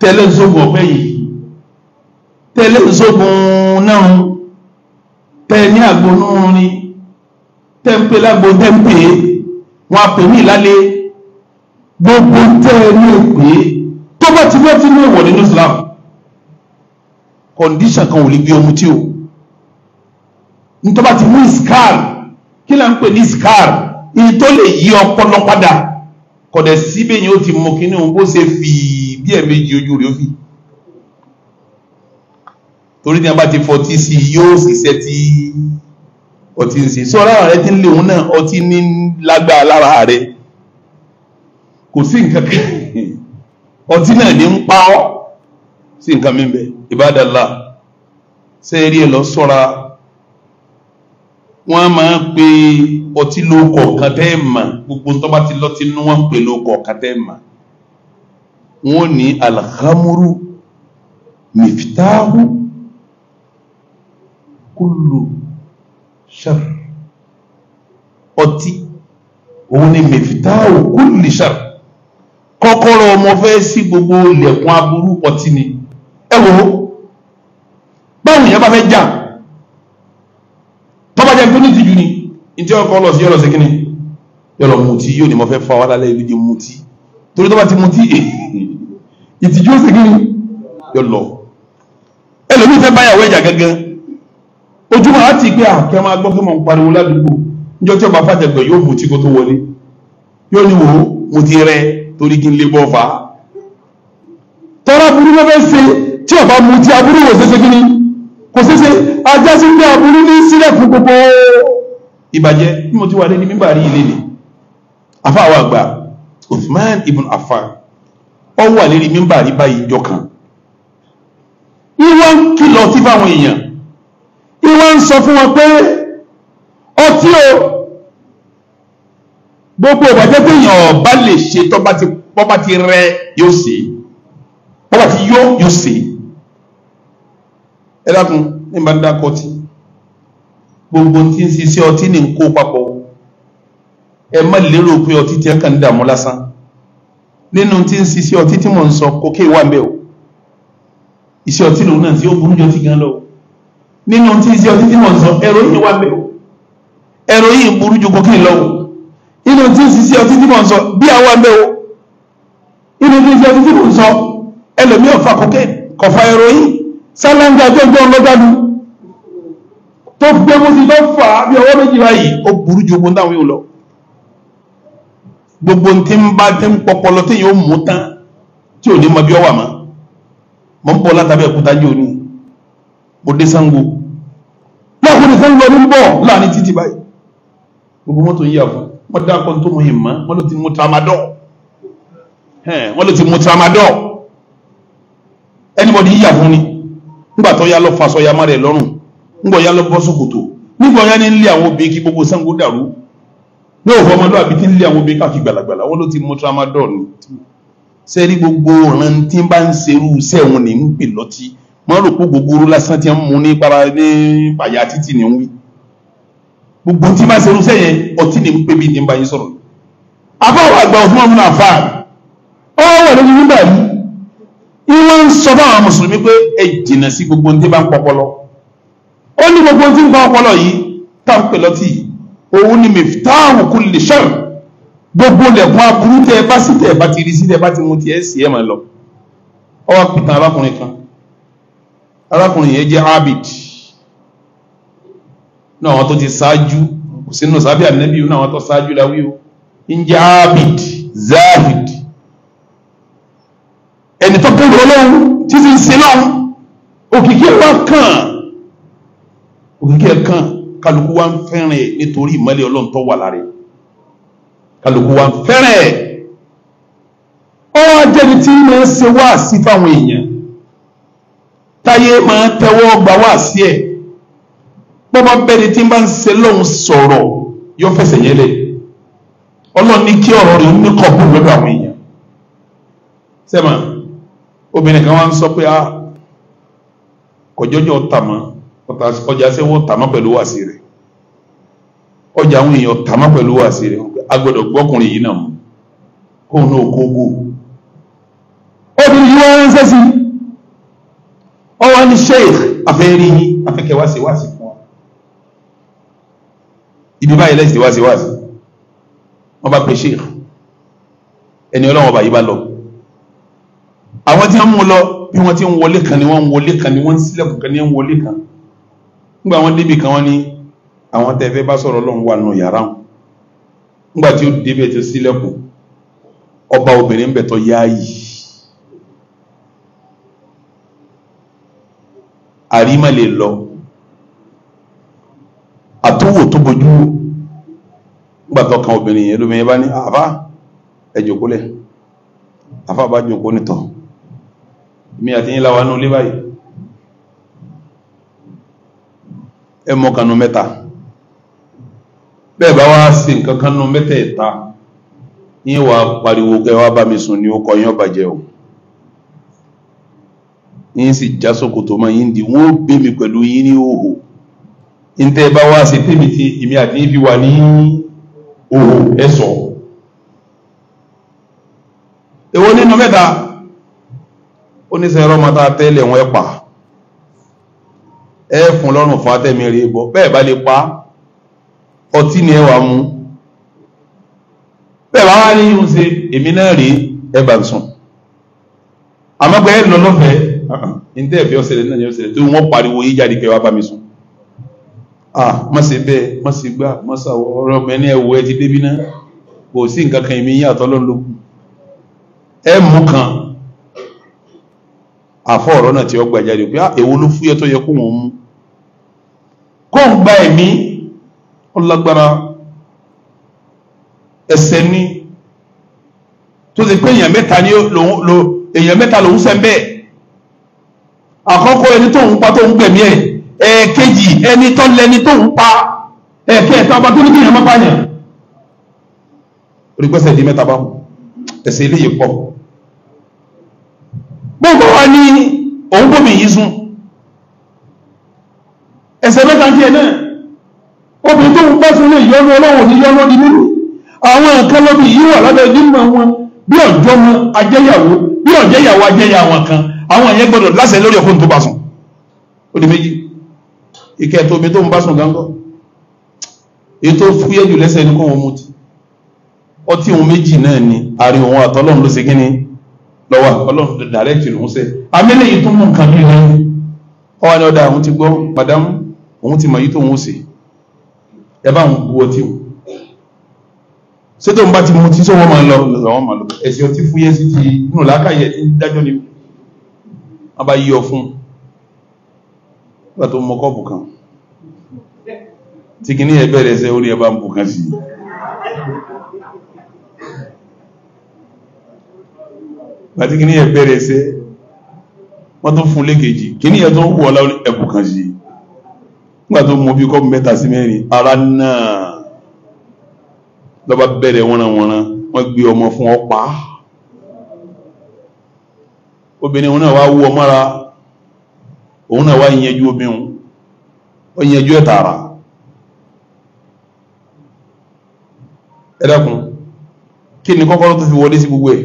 tẹ́lẹ̀ zogun ọ̀pẹ yìí tẹ́lẹ̀ zogun náà tẹ́ ní àgbónú ni tẹ́ǹpẹ́ lágbo tẹ́ǹpẹ́ wọn àpè mí lálé gbogbo tẹ́ ní èpè tó bá ti bá ti ní ìwọ̀ nínú Islam kọ̀ǹdíṣàn kan ò lè gbé ọmú tí o nítorí ti mú iskar kí là ń pè ní iskar èyí lè yí ọpọlọ padà kọ̀dẹ̀ síbẹ̀ yìí ó ti mú kí òun bó ṣe fìí díẹ̀ méjì ojú rẹ̀ ó fi torí ní a bá ti fọtí sí i yóò ṣiṣẹ́ tí ọtí ń ṣe sọ́ra rẹ ti ń lé òun náà ọtí ní lágbára lára rẹ kò sí nǹkan kan ọtí náà ní ń pa ọ́ sí nǹkan mi bẹ́ẹ̀ ìbádàlá sẹ́ẹ̀rí ẹ̀ lọ sọ́ra wọ́n máa ń pe ọtí lóko kàtẹ́ gbogbo tó bá ti lọ́tí nú wọ́n ń lóko kàtẹ́ wọ́n ní alhamuru miftahu kullu shar ọtí òun ni miftahu kulli shar kọ́kọ́rọ́ ọmọ fẹ́ sí gbogbo ilẹ̀kùn aburú ọtí ni ẹ wò ó báwọn èèyàn bá fẹ́ jà tọ́bá jẹ́ fún ní tìjú ni ìtí ọkọ̀ lọ sí yọ́lọ̀ sí kíni yọ́lọ̀ mutí yóò ní mo fẹ́ fa wálálẹ́ ìlú di mutí torí tọ́bá ti mutí èyí ìtìjú sì kí yọ lọ ẹlòmí fẹ́ báyàwó ẹ̀jà gangan ojúmọ́ láti gbé àkẹ́ ah, máa gbọ́ fún mọ̀ pariwo ládùúgbò níjọ́ tí ọba fàtẹ̀gbẹ̀ yóò mú tí tó wọlé yóò ní wò mo ti rẹ torí kí n lè bọ́ fà á tọ́lá burú ló fẹ́ ṣe tí ọba mu ti aburú wò ṣeṣe kí ni kò ṣeṣe ajá sí pé aburú ní sílẹ̀ fún gbogbo ìbàjẹ́ bí mo ti wà lé ní mímbà rí ilé ni àfa àwọn àgbà Uthman ibn Affan ọ wà lérí mímbà rí báyìí ìjọ kan ìwọ́n ń kìlọ̀ sí fáwọn èèyàn ìwọ́n ń sọ fún wọn pé ọtí o gbogbo ìbàjẹ́ téèyàn ọba lè ṣe tọ́ba ti rẹ yóò ṣe tọ́ba ti yó yóò ṣe ẹ dákun ní bá dákọ tí gbogbo tí ń ṣiṣẹ́ ọtí ní ń kó papọ̀ ẹ má lérò pé ọtí tiẹ̀ kàn ń dààmú lásán nínú tí ń ṣiṣẹ́ ọtí tí mò ń sọ kókè wà ńbẹ̀ o iṣẹ́ ọtí lòun náà tí ó burú jọ ti gan lọ nínú tí ń ṣiṣẹ́ ọtí tí mò ń sọ ẹ̀rọyìn wà ńbẹ̀ o ẹ̀rọyìn burú ju kókè lọ o nínú tí ń ṣiṣẹ́ ọtí tí mò ń sọ bíà wà ńbẹ̀ o nínú tí ń ṣiṣẹ́ ọtí tí mò ń sọ ẹlòmíì ọ̀fà kókè kọ̀fà ẹ̀rọyìn sálángà tó gbọ́ tó gbé mú sí lọ́fà bí ọwọ́ gbogbo ntí ń bá tẹ́ ń pọpọlọ tí yóò mú tán tí ò ní ma bí ọ wà má mọ̀ ń bọ̀ látàbí ẹ̀kúta jẹ́ òní mo dé sango láàbò ní sango ọdún bọ̀ láàrin títí báyìí gbogbo mọ́tò yíyà fún wọ́n dá akọ́ tó mọ̀ yìí mọ́ wọ́n ló ti mú tramadol wọ́n ló ti mú tramadol anybody yíyà fún ni nígbà tó yá lọ fasọ ya má rẹ̀ lọ́rùn nígbà yá lọ bọ́ sókòtò nígbà yá ní ilé àwọn obìnrin kí gbogbo sango dàrú yóò fọ ọmọlúwàbí tí ń lé àwọn obìnrin káàkiri wọn ló ti mú tramadol ni sịrị gbogbo ọ̀ràn tí ń bá ń serú sẹ́wọ̀n ní ń pè lọ́tí wọ́n rò pé gbogbo lásán ti ń mu ní para ní pàyà títì ní ń wí gbogbo tí máa serú sẹ́yẹn ọtí ní ń pè bí ní ń bá yín sọ̀rọ̀ àbáwọ̀ òun ni miftahu kulli shar gbogbo lẹ̀kùn aburú tẹ́ ẹ bá sí tẹ́ ẹ bá ti rí sí tẹ́ ẹ bá ti mú tiẹ̀ sí ẹ mà lọ ọwọ́ pìtàn arákùnrin kan arákùnrin yẹn jẹ́ abid náà wọn tó ti ṣáájú kò sínú sábẹ́ ànábì náà wọn tó ṣáájú la wí ń jẹ́ abid zahid ẹni tó bẹ̀rù ọlọ́run tí sì ń òkìkí ẹ̀ wá kàn òkìkí ẹ̀ kàn kálukú wa ń fẹ́ràn nítorí ìmọ́lẹ̀ ọlọ́run wà lára ẹ̀ kálukú wa ń fẹ́ràn ẹ̀ ọwọ́ jẹ́ni tí máa ń ṣe wáàsí fáwọn èèyàn táyé máa ń tẹ́wọ́ gbà wáàsí ẹ̀ bọ́bá bẹ́ni tí máa ń ṣe lọ́hùn sọ̀rọ̀ yọ fẹsẹ̀ yẹn lẹ̀ ọlọ́run ní kí ọ̀rọ̀ rẹ̀ ní kọ̀ọ̀bù lọ́dọ̀ àwọn èèyàn sẹ́mà obìnrin kan wá ń sọ pé a ah, kọjọ́jọ́ tà mọ́ ọjà sẹ́wọ́ tàmá pẹ̀lú wàsí rẹ̀ ọjà àwọn èèyàn tàmá pẹ̀lú wàsí rẹ̀ a gbọ́dọ̀ yìí náà mú kóun náà kó gbó obìnrin yìí wọ́n ránṣẹ́ sí ọwọ́ ní sheikh afẹ́rí yìí afẹ́kẹ́ wá sí wá sí fún wa ibi báyìí lẹ́sìn wá sí wá sí wọ́n bá pe sheikh ẹni ọlọ́wọ́n bá yìí bá lọ àwọn tí wọ́n mú lọ bí wọ́n ti ń wọlé kan ni wọ́n ń wọlé kan ni wọ́n ń sílẹ̀kùn kan ni wọ́n ń wọlé kan nígbà wọn débi kan wọn ní àwọn tẹ́ fẹ́ bá sọ̀rọ̀ Ọlọ́run wà nù yàrá wọn nígbà tí ó débi ẹ̀ tó sílẹ̀kùn ọba obìnrin ń bẹ̀ tọ́ yáàyì àrímà lè lọ àtúwò tó bojú nígbà tó kan obìnrin yẹn lómi yẹn bá ní àfá ẹ jókòó bá jókòó nìtọ̀ mi àti yín láwa nù lé ẹ mọ kanu mẹ́ta bẹ́ẹ̀ bá wá sí nǹkan kanu mẹ́tẹ̀ẹ̀ta ní wà pariwo kẹ wá bá mi sùn ní ọkọ̀ yín ọbàjẹ́ o yín sì já sókòtò mọ́ yín di wọ́n gbé mi pẹ̀lú yín ní òhò ntẹ́ bá wá sí tèmi tí èmi àti yín fi wà ní òhò ẹ sọ èwo nínú mẹ́ta ó ní sẹ́yìn ọmọ tá a tẹ́lẹ̀ wọn ẹ pa ẹ fún lọ́rùn fún atẹ́mi rè bọ̀ bẹ́ẹ̀ bá lè pa ọtí ni ẹ wà mú bẹ́ẹ̀ bá wá ní yíyún ṣe èmi náà rèé ẹ bá ń sùn àmọ́ pé ẹ lọ lọ́fẹ̀ẹ́ ǹtẹ́ ẹ̀fẹ́ ọ̀sẹ̀lẹ̀ náà ni ọ̀sẹ̀lẹ̀ tó wọ́n pariwo yí jáde kẹwàá bá mi sùn ah má ṣe bẹ́ẹ̀ má ṣe gbà má ṣàwọ̀ ọ̀rọ̀ mẹ́ni ẹ̀wọ̀ ẹ ti débi náà kò sí nǹkan kan ìmí yàtọ̀ lọ́lọ́gùn ẹ mú kan àfọ ọ̀rọ̀ náà tí ó jáde pé èwo ló fúyẹ́ tó yẹ kó wọ́n mú kó ń gba ẹ̀mí ọlágbára ẹsẹ̀ ní tó ti pé èèyàn mẹ́ta ní lò èèyàn mẹ́ta lòún sẹ́ ń bẹ́ẹ̀ àkọ́kọ́ ẹni tó ń pa tó ń gbẹ̀mí ẹ̀ ẹ̀ẹ̀kejì ẹni tó lẹni tó ń pa ẹ̀ẹ̀kẹta ọba tó ní kí èèyàn má pààyàn orígbẹ́sẹ̀ di mẹ́ta báwọn ẹsẹ̀ eléyìí pọ̀ gbogbo wa ní òun bómi yìí sùn ẹ̀sẹ̀ mẹ́ta tí ẹ̀ náà obìnrin tó ń pẹ́ fún lè yọnu ọlọ́wọ̀ ní yọnu ní mímú àwọn nǹkan lọ́bí yìí wà lábẹ́ nímọ̀ wọn bí ọjọ́ wọn ajẹ́yàwó bí ọjẹ́yàwó ajẹ́yà wọn kan àwọn ẹ̀yẹ́ gbọ́dọ̀ láṣẹ lórí ọkùnrin tó bá sùn ó di méjì ìkẹ́ omi tó ń bá sùn gángọ́ èyí tó fúyẹ́ jù lẹ́sẹ̀ ní kó mutí ọtí òun méjì náà ni àárín òun àtọ́lọ́run ló ṣe kí ni lọ́wọ́ ọlọ́run dàrẹ́kì lòún ṣe amẹ́lẹ́yìn tó mú nǹkan bí lẹ́yìn ọwọ́ ni ọ̀dà àwọn ti gbọ́ màdámù òun ti mọ̀ yí tóun ó ṣe ẹ bá òun bu ọtí o ṣé tóun bá ti mu tí sọ́wọ́ máa ń lọ lọ́wọ́ máa lọ ẹ̀sìn ọtí fúyẹ́ sí ti nù lákàyè tí dájọ́ ni wọ́n bá yí ọ fún nígbà tó mọ kọ́ọ̀bù kan tí kìíní ẹ bẹ̀rẹ̀ ṣe orí ẹ ń bu sí i. kìíní ẹ bẹ̀rẹ̀ ṣe wọ́n tó fún lékejì kìíní ẹ tó wù ọ́ láwọn ẹ̀bù sí nígbà tó mọ bí kọ́ mẹ́ta sí mẹ́rin ara náà lọ́ba bẹ̀rẹ̀ wọ́nranwọ́nra wọ́n gbé ọmọ fún ọ pa obìnrin òun náà wá wú ọmọ ra òun náà wá yẹnjú obìnrin ó yẹnjú ẹ̀ tààrà ẹ dákun kí ni kọ́kọ́rọ́ tó fi wọlé sí gbogbo ẹ̀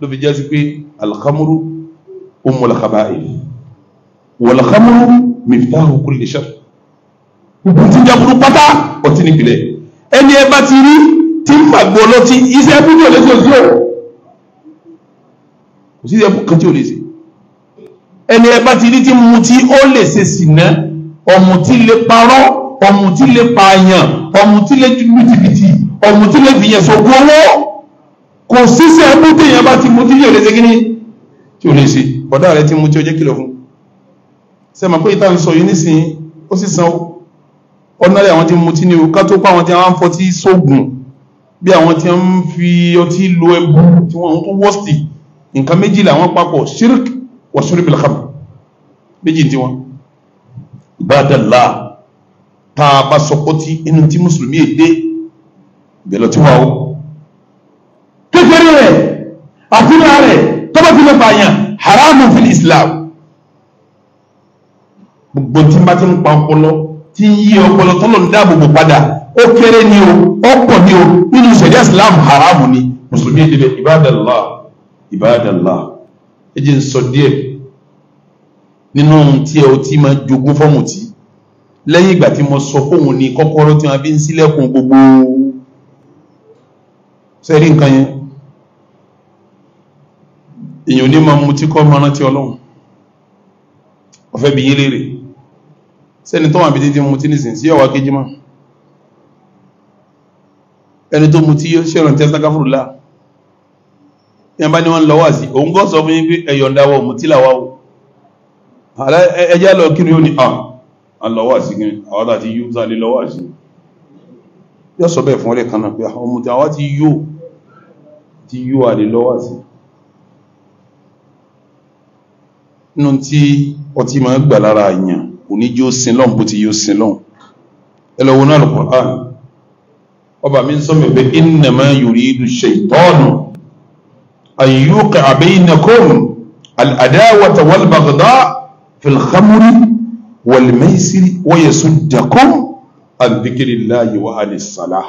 ló fi jẹ́ sí pé alhamuru umul khaba'il wal khamru miftahu kulli shar gbogbo tí ń jẹ́ burú pátá ọtí nípìnlẹ̀ ẹni ẹ bá ti rí tí ń fàgbọ́ ọlọ́tí iṣẹ́ bújọ lẹ́sọ̀ sí ọ̀ kò sí ẹ̀kú kan tí ò lè ṣe ẹni ẹ bá ti rí tí mutí ó lè ṣe sìnà ọ̀mùtí lè parọ́ ọ̀mùtí lè pààyàn ọ̀mùtí lè lu jìbìtì ọ̀mùtí lè fìyàn sọ̀gbọ́ owó kò síṣẹ́ ẹ̀kú téèyàn bá ti mutí yóò lè ṣe kíní tí ò lè ṣe bọ̀dá rẹ ti mutí ó jẹ́ kìlọ̀ fún ṣe mọ̀ pé ìta ń sọ yìí nísìnyí ó sì san ordinary àwọn tí ń mutí ni o ká tó pa àwọn tí wọ́n ń fọtí sóògùn bí àwọn tí wọ́n ń fi ọtí lo ẹbú tí wọ́n ń tó wọ́ọ̀sì nǹkan méjì làwọn papọ̀ shirk wà shirk al-kham méjì tí wọ́n. ìbádàlá tá a bá sọ pọ́tí inú tí mùsùlùmí èdè bẹ́ẹ̀ lọ tí wọ́n wọ́ kékeré rẹ̀ àfihàn rẹ̀ tọ́bọ̀tì lọ́pàá yẹn haramu fil Islam gbogbo tí bá ti ń pa ọpọlọ tí ń yí ọpọlọ tọ́lọ̀ ń dáàbò bò padà ó kéré ni o ó pọ̀ ni o nínú ìṣẹ̀dá Islam haram ni mùsùlùmí ìdílé ibadallah ibadallah ẹ jẹ́ ń sọ díẹ̀ nínú tí ẹ ò tí máa jogún fọ́ọ̀mù tí lẹ́yìn ìgbà tí mo sọ fóun ní kọ́kọ́rọ́ tí wọ́n fi ń sílẹ̀kùn gbogbo sẹ́rí nǹkan yẹn èèyàn ní máa mutí kọ́ máa ọlọ́run ọ̀fẹ́ bí yín léèrè sẹ́ni tó wà bí títí mutí nìsìn sí ọwà kejì mọ́ ẹni tó mutí ṣẹ̀rọ̀ tẹ́ sákàfùrùlá yẹn bá ní wọ́n lọ́wọ́ sí òun gọ́ sọ fún yín pé ẹ̀yọ̀ndáwọ̀ mutí làwà o ẹjá lọ kí ni ó ní à lọ́wọ́ sí kí àwọn àti yóò sáré lọ́wọ́ sí yóò sọ bẹ́ẹ̀ fún ọ̀rẹ́ kan náà pé àwọn mutí àwọn ti yóò ti yóò àlè lọ́wọ́ sí nínú tí ọtí máa ń gbà lára èèyàn kò ní jí ó sin lọ́hùn bó ti yí ó sin lọ́hùn ẹ lọ wo náà Al-Qur'an ọba mi sọ mi pé innama yuridu shaytanu an yuqi'a baynakum al-adawata wal-baghda'a fil khamri wal-maysiri wa yasuddakum an dhikrillahi wa anis salah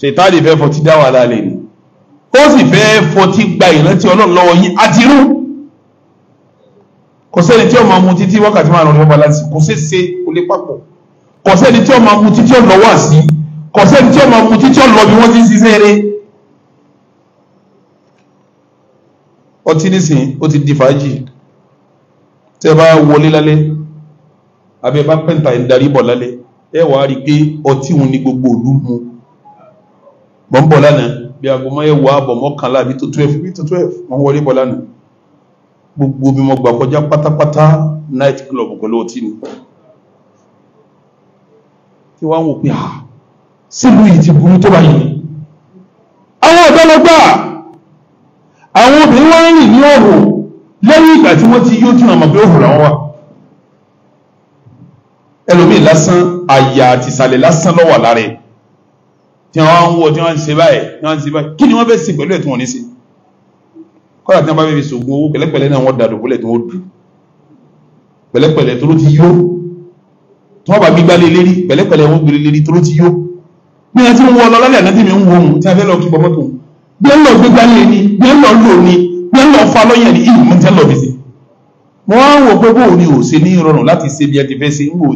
fẹ́ fọtí dá wà ni ó sì fẹ́ fọtí gba ìrántí ọlọ́run lọ́wọ́ yín àtirú kò sẹ́ni tí ó máa mu títí wákàtí máa lọ ní balansi kò sí ṣe kò lè papọ̀ kò sẹ́ni tí ó máa mu títí ó lọ wá sí kò sẹ́ni tí ó máa mu títí ó lọ bí wọ́n ti ń ṣiṣẹ́ rẹ̀. ọtí nísìnyí ó ti di fàájì tẹ́ bá wọlé lálẹ́ abẹ́ bá pẹ́ǹtà ń bọ̀ lálẹ́ ẹ wàá rí i pé ọtí òun ni gbogbo òlu mu mọ̀ lánàá bí aago mọ́ ẹ wọ àbọ̀ mọ́kànlá bí tó twelve bí tó twelve wọ́n wọlé bọ̀ lánàá gbogbo bí mo gbà kọjá pátápátá night club pẹ̀lú ọtí ni tí wọ́n wò pé à ah, sílùú yìí ti burú tó báyìí àwọn ọ̀dọ́lọ́gbà àwọn obìnrin wọ́n rìn ní ọ̀rọ̀ lẹ́yìn ìgbà tí wọ́n ti yóò tún àmọ́ pé òhùrà wọn wà ẹlòmíì lásán àyà àti ìsàlẹ̀ lásán lọ́wọ́ lára ẹ̀ tí wọ́n ń wọ tí wọ́n ń ṣe báyìí tí wọ́n ń ṣe báyìí kí ni wọ́n fẹ́ ṣe pẹ̀lú ẹ̀tún wọn ní sí kọ́lá tí wọ́n bá fẹ́ fi sògùn owó pẹ̀lẹ́pẹ̀lẹ́ náà wọ́n dàdò bólẹ̀ tí wọ́n dù pẹ̀lẹ́pẹ̀lẹ́ tó ló ti yó tí wọ́n bá gbígbá lé lérí pẹ̀lẹ́pẹ̀lẹ́ wọ́n gbélé lérí tó ló ti yó ní ẹ tí ń wọ lọ lálẹ́ àná tí mi ń wọ ohun tí a fẹ́ lọ kíkọ mọ́tò bí ẹ lọ gbégbá lé ní bí ẹ lọ lò ní bí ẹ lọ fa lọ́yẹ̀ ni ò ṣe ní ìrọ̀rùn láti ṣe bí ẹ ti fẹ́ ṣe ń wò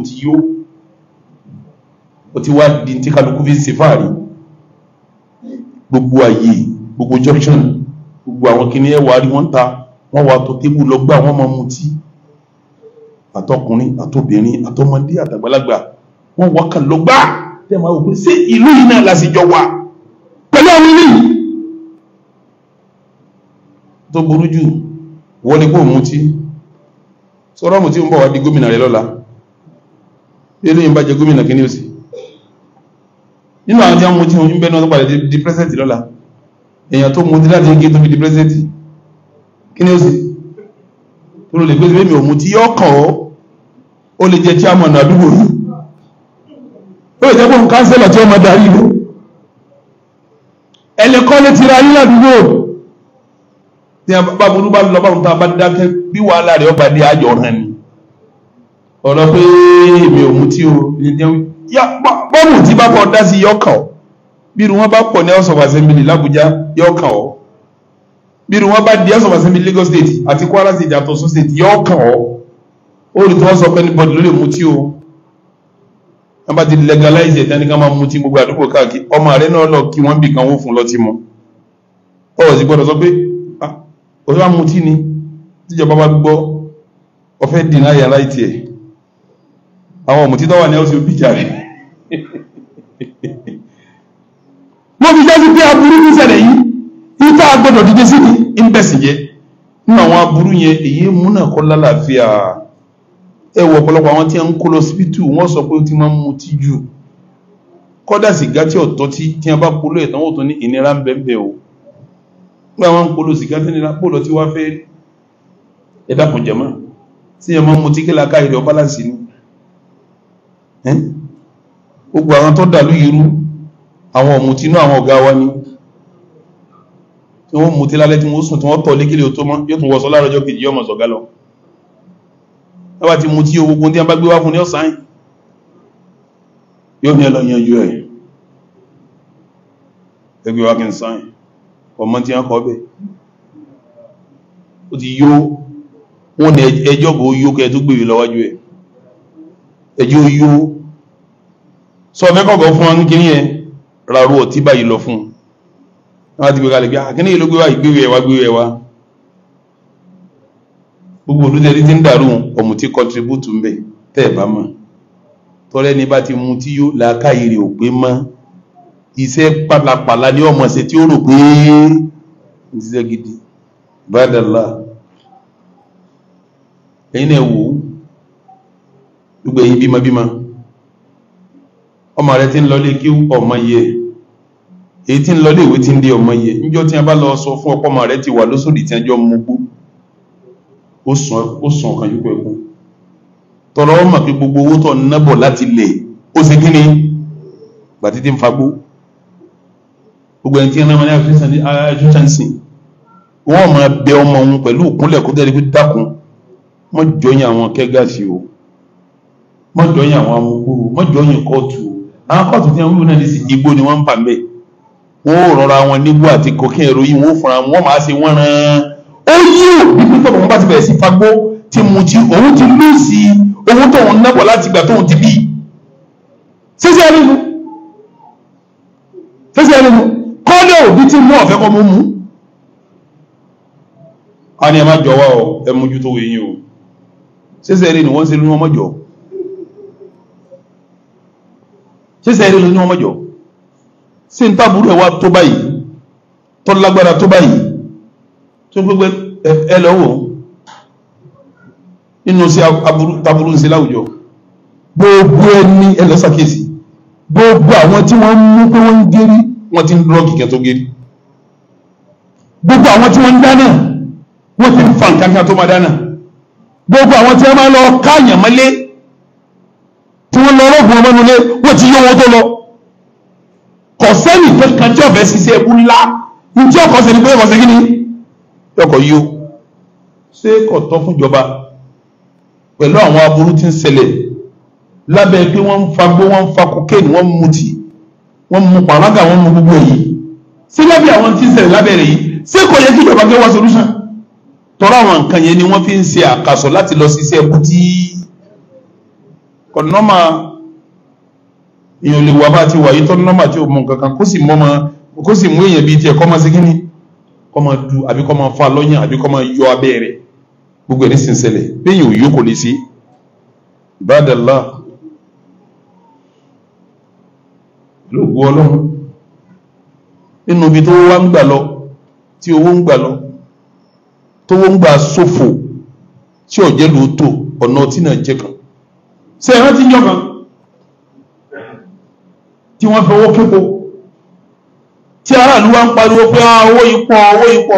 ó junction gbogbo àwọn kìnìún ẹ̀ wá rí wọ́n ta wọ́n wá tó tébù lọ gbá wọ́n máa mutí àtọkùnrin àtobìnrin àtọmọdé àtàgbàlagbà wọ́n wá kà lọ gbá tẹ́ máa wò pé ṣé ìlú yìí náà lásìjọ wà pẹ̀lú àwọn ilé yìí tó burú jù wọ́n ní kó mutí sọ́rọ́ mutí ń bọ̀ wá di gómìnà rẹ̀ lọ́la ilé yìí ń bá jẹ gómìnà kí ni nínú àwọn tí wọ́n mutí ń bẹ́ẹ̀ náà tó padà di pẹ́sẹ̀ntì lọ́la èèyàn tó mutí láti igi tó fi di pírẹsidẹ́ntì kí ni ó sì tó lè gbé mi ò mutí yọ kàn ó ó lè jẹ chairman àdúgbò yìí ó lè jẹ bóun kánsẹ́lọ̀ tí ó máa darí ìlú ẹnìkan lè tira yín ládùúgbò tí a bá burú bá lọ báwọn tá a bá dákẹ́ bí wàhálà rẹ̀ ọba dé ayọ̀ hàn ni ọ̀rọ̀ pé èmi ò mutí o yá bọ́ọ̀mù tí bá kọ́ dá sí yọ kàn ó bírú wọn bá pọ̀ ní house of assembly làbújá yóò kàn ọ́ bírú wọn bá di house of assembly lagos state àti kwara state àti ọ̀ṣun state yóò kàn ọ́ ó rí tí wọ́n sọ pé anybody ló lè mutí o wọ́n bá ti legalize ẹ̀ tẹ́ni ká máa mutí gbogbo àdúgbò káàkiri ọmọ rẹ náà lọ kí wọ́n bì kan wọ́n fún lọ́tí mu ọ̀rọ̀ sì gbọ́dọ̀ sọ pé ah, òun wá mutí ni tíjọba bá gbọ́ ọ̀fẹ́ dènà yàrá ìtì ẹ̀ àwọn ọ̀mùtí tó wà ní ọ̀sùn bíjà rẹ̀ ló fi jẹ́ sí pé aburú ní ṣẹlẹ̀ yìí ìta gbọdọ̀ dìde sí ni ń bẹ̀sì jẹ́ nínú àwọn aburú yẹn èyí múnà kọ́ lálàáfíà ẹ wọ ọ̀pọ̀lọpọ̀ àwọn tí wọ́n kó lọ síbítù wọ́n sọ pé ó ti máa ń mutí jù kọ́dà sìgá tí ọ̀tọ́ tí tí wọ́n bá polówó ẹ̀ tán wọ́n ní ìnira ń bẹ́ẹ̀ o pé àwọn ń polówó sìgá tí nira pò lọ tí wọ́n fẹ́ ẹ jẹ̀mọ́ tí ẹ máa ń mutí kíla ká ìrẹ̀ ọ balance gbogbo àwọn tó dàlú yìí rú àwọn ọ̀mùtí inú àwọn ọ̀gá wa ni tí wọ́n mutí lálẹ́ tí wọ́n sùn tí wọ́n tọ̀ lékèlè tó mọ́ yóò tún wọ́sọ láàrọ̀jọ́ kejì yọ́ mọ̀sọ̀gá lọ lábà ti mutí ogun tí a bá gbé wá fún ní ọ̀sán yóò ní ẹlọ yanjú ẹ̀ ẹgbẹ́ wá kí n sáìn ọmọ tí rarú ọtí báyìí lọ fún un wọ́n ti gbé kalẹ̀ pé àkíní ah, yìí ló gbé báyìí gbéwé ẹ̀wá gbéwé ẹ̀wá gbogbo olùdarí ti ń dàrú ọmọ tí kọntribútù ń bẹ tẹ́ ẹ̀ bá mọ̀ tọ́lẹ́ ní bá ti mu tí yó làákàyèrè ò pé mọ́ iṣẹ́ pàlàpàlà ní ọmọ ṣe tí ó rò pé ṣiṣẹ́ gidi bàdàlà ẹ̀yin náà wò ó gbogbo ẹ̀yin bímọ bímọ ọmọ rẹ ti ń lọ lé kí ọmọ yẹ èyí tí ń lọ léèwé tí ń dé ọmọ yẹ níjọ́ tí wọn bá lọ sọ fún ọpọ ọmọ rẹ ti wà lóṣòdì tí wọn jọ mú gbó ó sàn ó sàn ọkàn yókù ẹkú tọrọ ọmọ pé gbogbo owó tó ń nábọ̀ láti lè ó ṣe kí ni gbàtí tí ń fagbó gbogbo ẹni tí ń rámọ ní àfẹsẹ̀nsìn ah, wọn máa bẹ ọmọ òun pẹ̀lú ìkúnlẹ̀ kó tẹ́lẹ̀ pé dákun mọ́jọ́yìn àwọn kẹ́gàsì o mọ́jọ́yìn àwọn amúgbó o mọ́jọ́yìn kóòtù o àwọn kóòtù tí wọ́n wù náà nísì igbó ni wọ́n ń pàmbẹ wọn ò rọra wọn nígbó àti cocaine heroin wọn ò fúnra wọn máa ṣe wọn rán ó yí ò bí pé tọkàn bá ti bẹ̀rẹ̀ sí fagbó ti mu ti òun ti lù sí owó tóun nábọ̀ láti ìgbà tóun ti bí ṣéṣe ẹlẹ́nu ṣéṣe ẹlẹ́nu kọ́lé òbí ti mú ọ̀fẹ́ kọ́ mú mú a ní ẹ má jọ wá ọ ẹ mójútó wẹ̀yìn o ṣéṣe ẹlẹ́nu wọ́n ṣe lónú ọmọ jọ̀ọ́. ṣẹṣẹ rí lọ ní ọmọjọ ṣé n ta burú ẹ wá tó báyìí tó lágbára tó báyìí tó gbogbo ẹ lọ wò nínú sí aburú ń ṣe láwùjọ gbogbo ẹni ẹ lọ ṣàkíyèsí gbogbo àwọn tí wọ́n ń mú pé wọ́n ń gérí wọ́n ti ń dúró kìkẹ́ tó gérí gbogbo àwọn tí wọ́n ń dáná wọ́n ti ń fa nǹkan kan tó máa dáná gbogbo àwọn tí wọ́n máa lọ káàyàn mọ́lé tí wọ́n lọ rọ́ọ̀gùn ọmọ nulẹ̀ wọ́n ti yọ owó tó lọ kò sẹ́ni kankan tí ọ̀fẹ́ ṣiṣẹ́ ẹ̀kú ńlá ní tí ọkọ̀ sẹ́ni pé ọkọ̀ sẹ́ni ọkọ̀ yìí o ṣé kò tọ́ fúnjọba pẹ̀lú àwọn aburú tí ń ṣẹlẹ̀ lábẹ́ pé wọ́n ń fagbó wọ́n ń fa kokéènì wọ́n ń mutí wọ́n ń mu pàrágà wọ́n ń mu gbogbo èyí ṣé lábẹ́ àwọn tí ń ṣẹlẹ̀ lábẹ́ rẹ̀ yìí ṣé kò yẹ kí ìjọba gbé wá solution tọ́rọ àwọn nǹkan yẹn ni wọ́n fi ń ṣe àkàsọ̀ láti lọ ṣiṣẹ́ ẹ̀kú tí kọ̀nọ́mà èèyàn lè wà bá ti wà yìí tọ́ nọ́mbà tí ò mọ nǹkan kan kó sì mọ́mọ kó sì mú èèyàn bíi tiẹ̀ kọ́ máa ṣe kí ni kọ́ máa du àbí kọ́ máa fa lọ́yàn àbí kọ́ máa yọ abẹ́ rẹ̀ gbogbo ẹ̀ ní sì ń ṣẹlẹ̀ béèyàn ò yó kò lè ṣe ìbádàlá lóògùn ọlọ́run nínú ibi tó wá ń gbà lọ tí owó ń gbà lọ tówó ń gbà ṣòfò tí ọ̀jẹ́ lóòótọ́ ọ̀nà ọtí náà jẹ kan ṣé ẹ rántí yọ kan tí wọ́n fi owó képo tí aráàlú wá ń pariwo pé ah, owó ipò owó ipò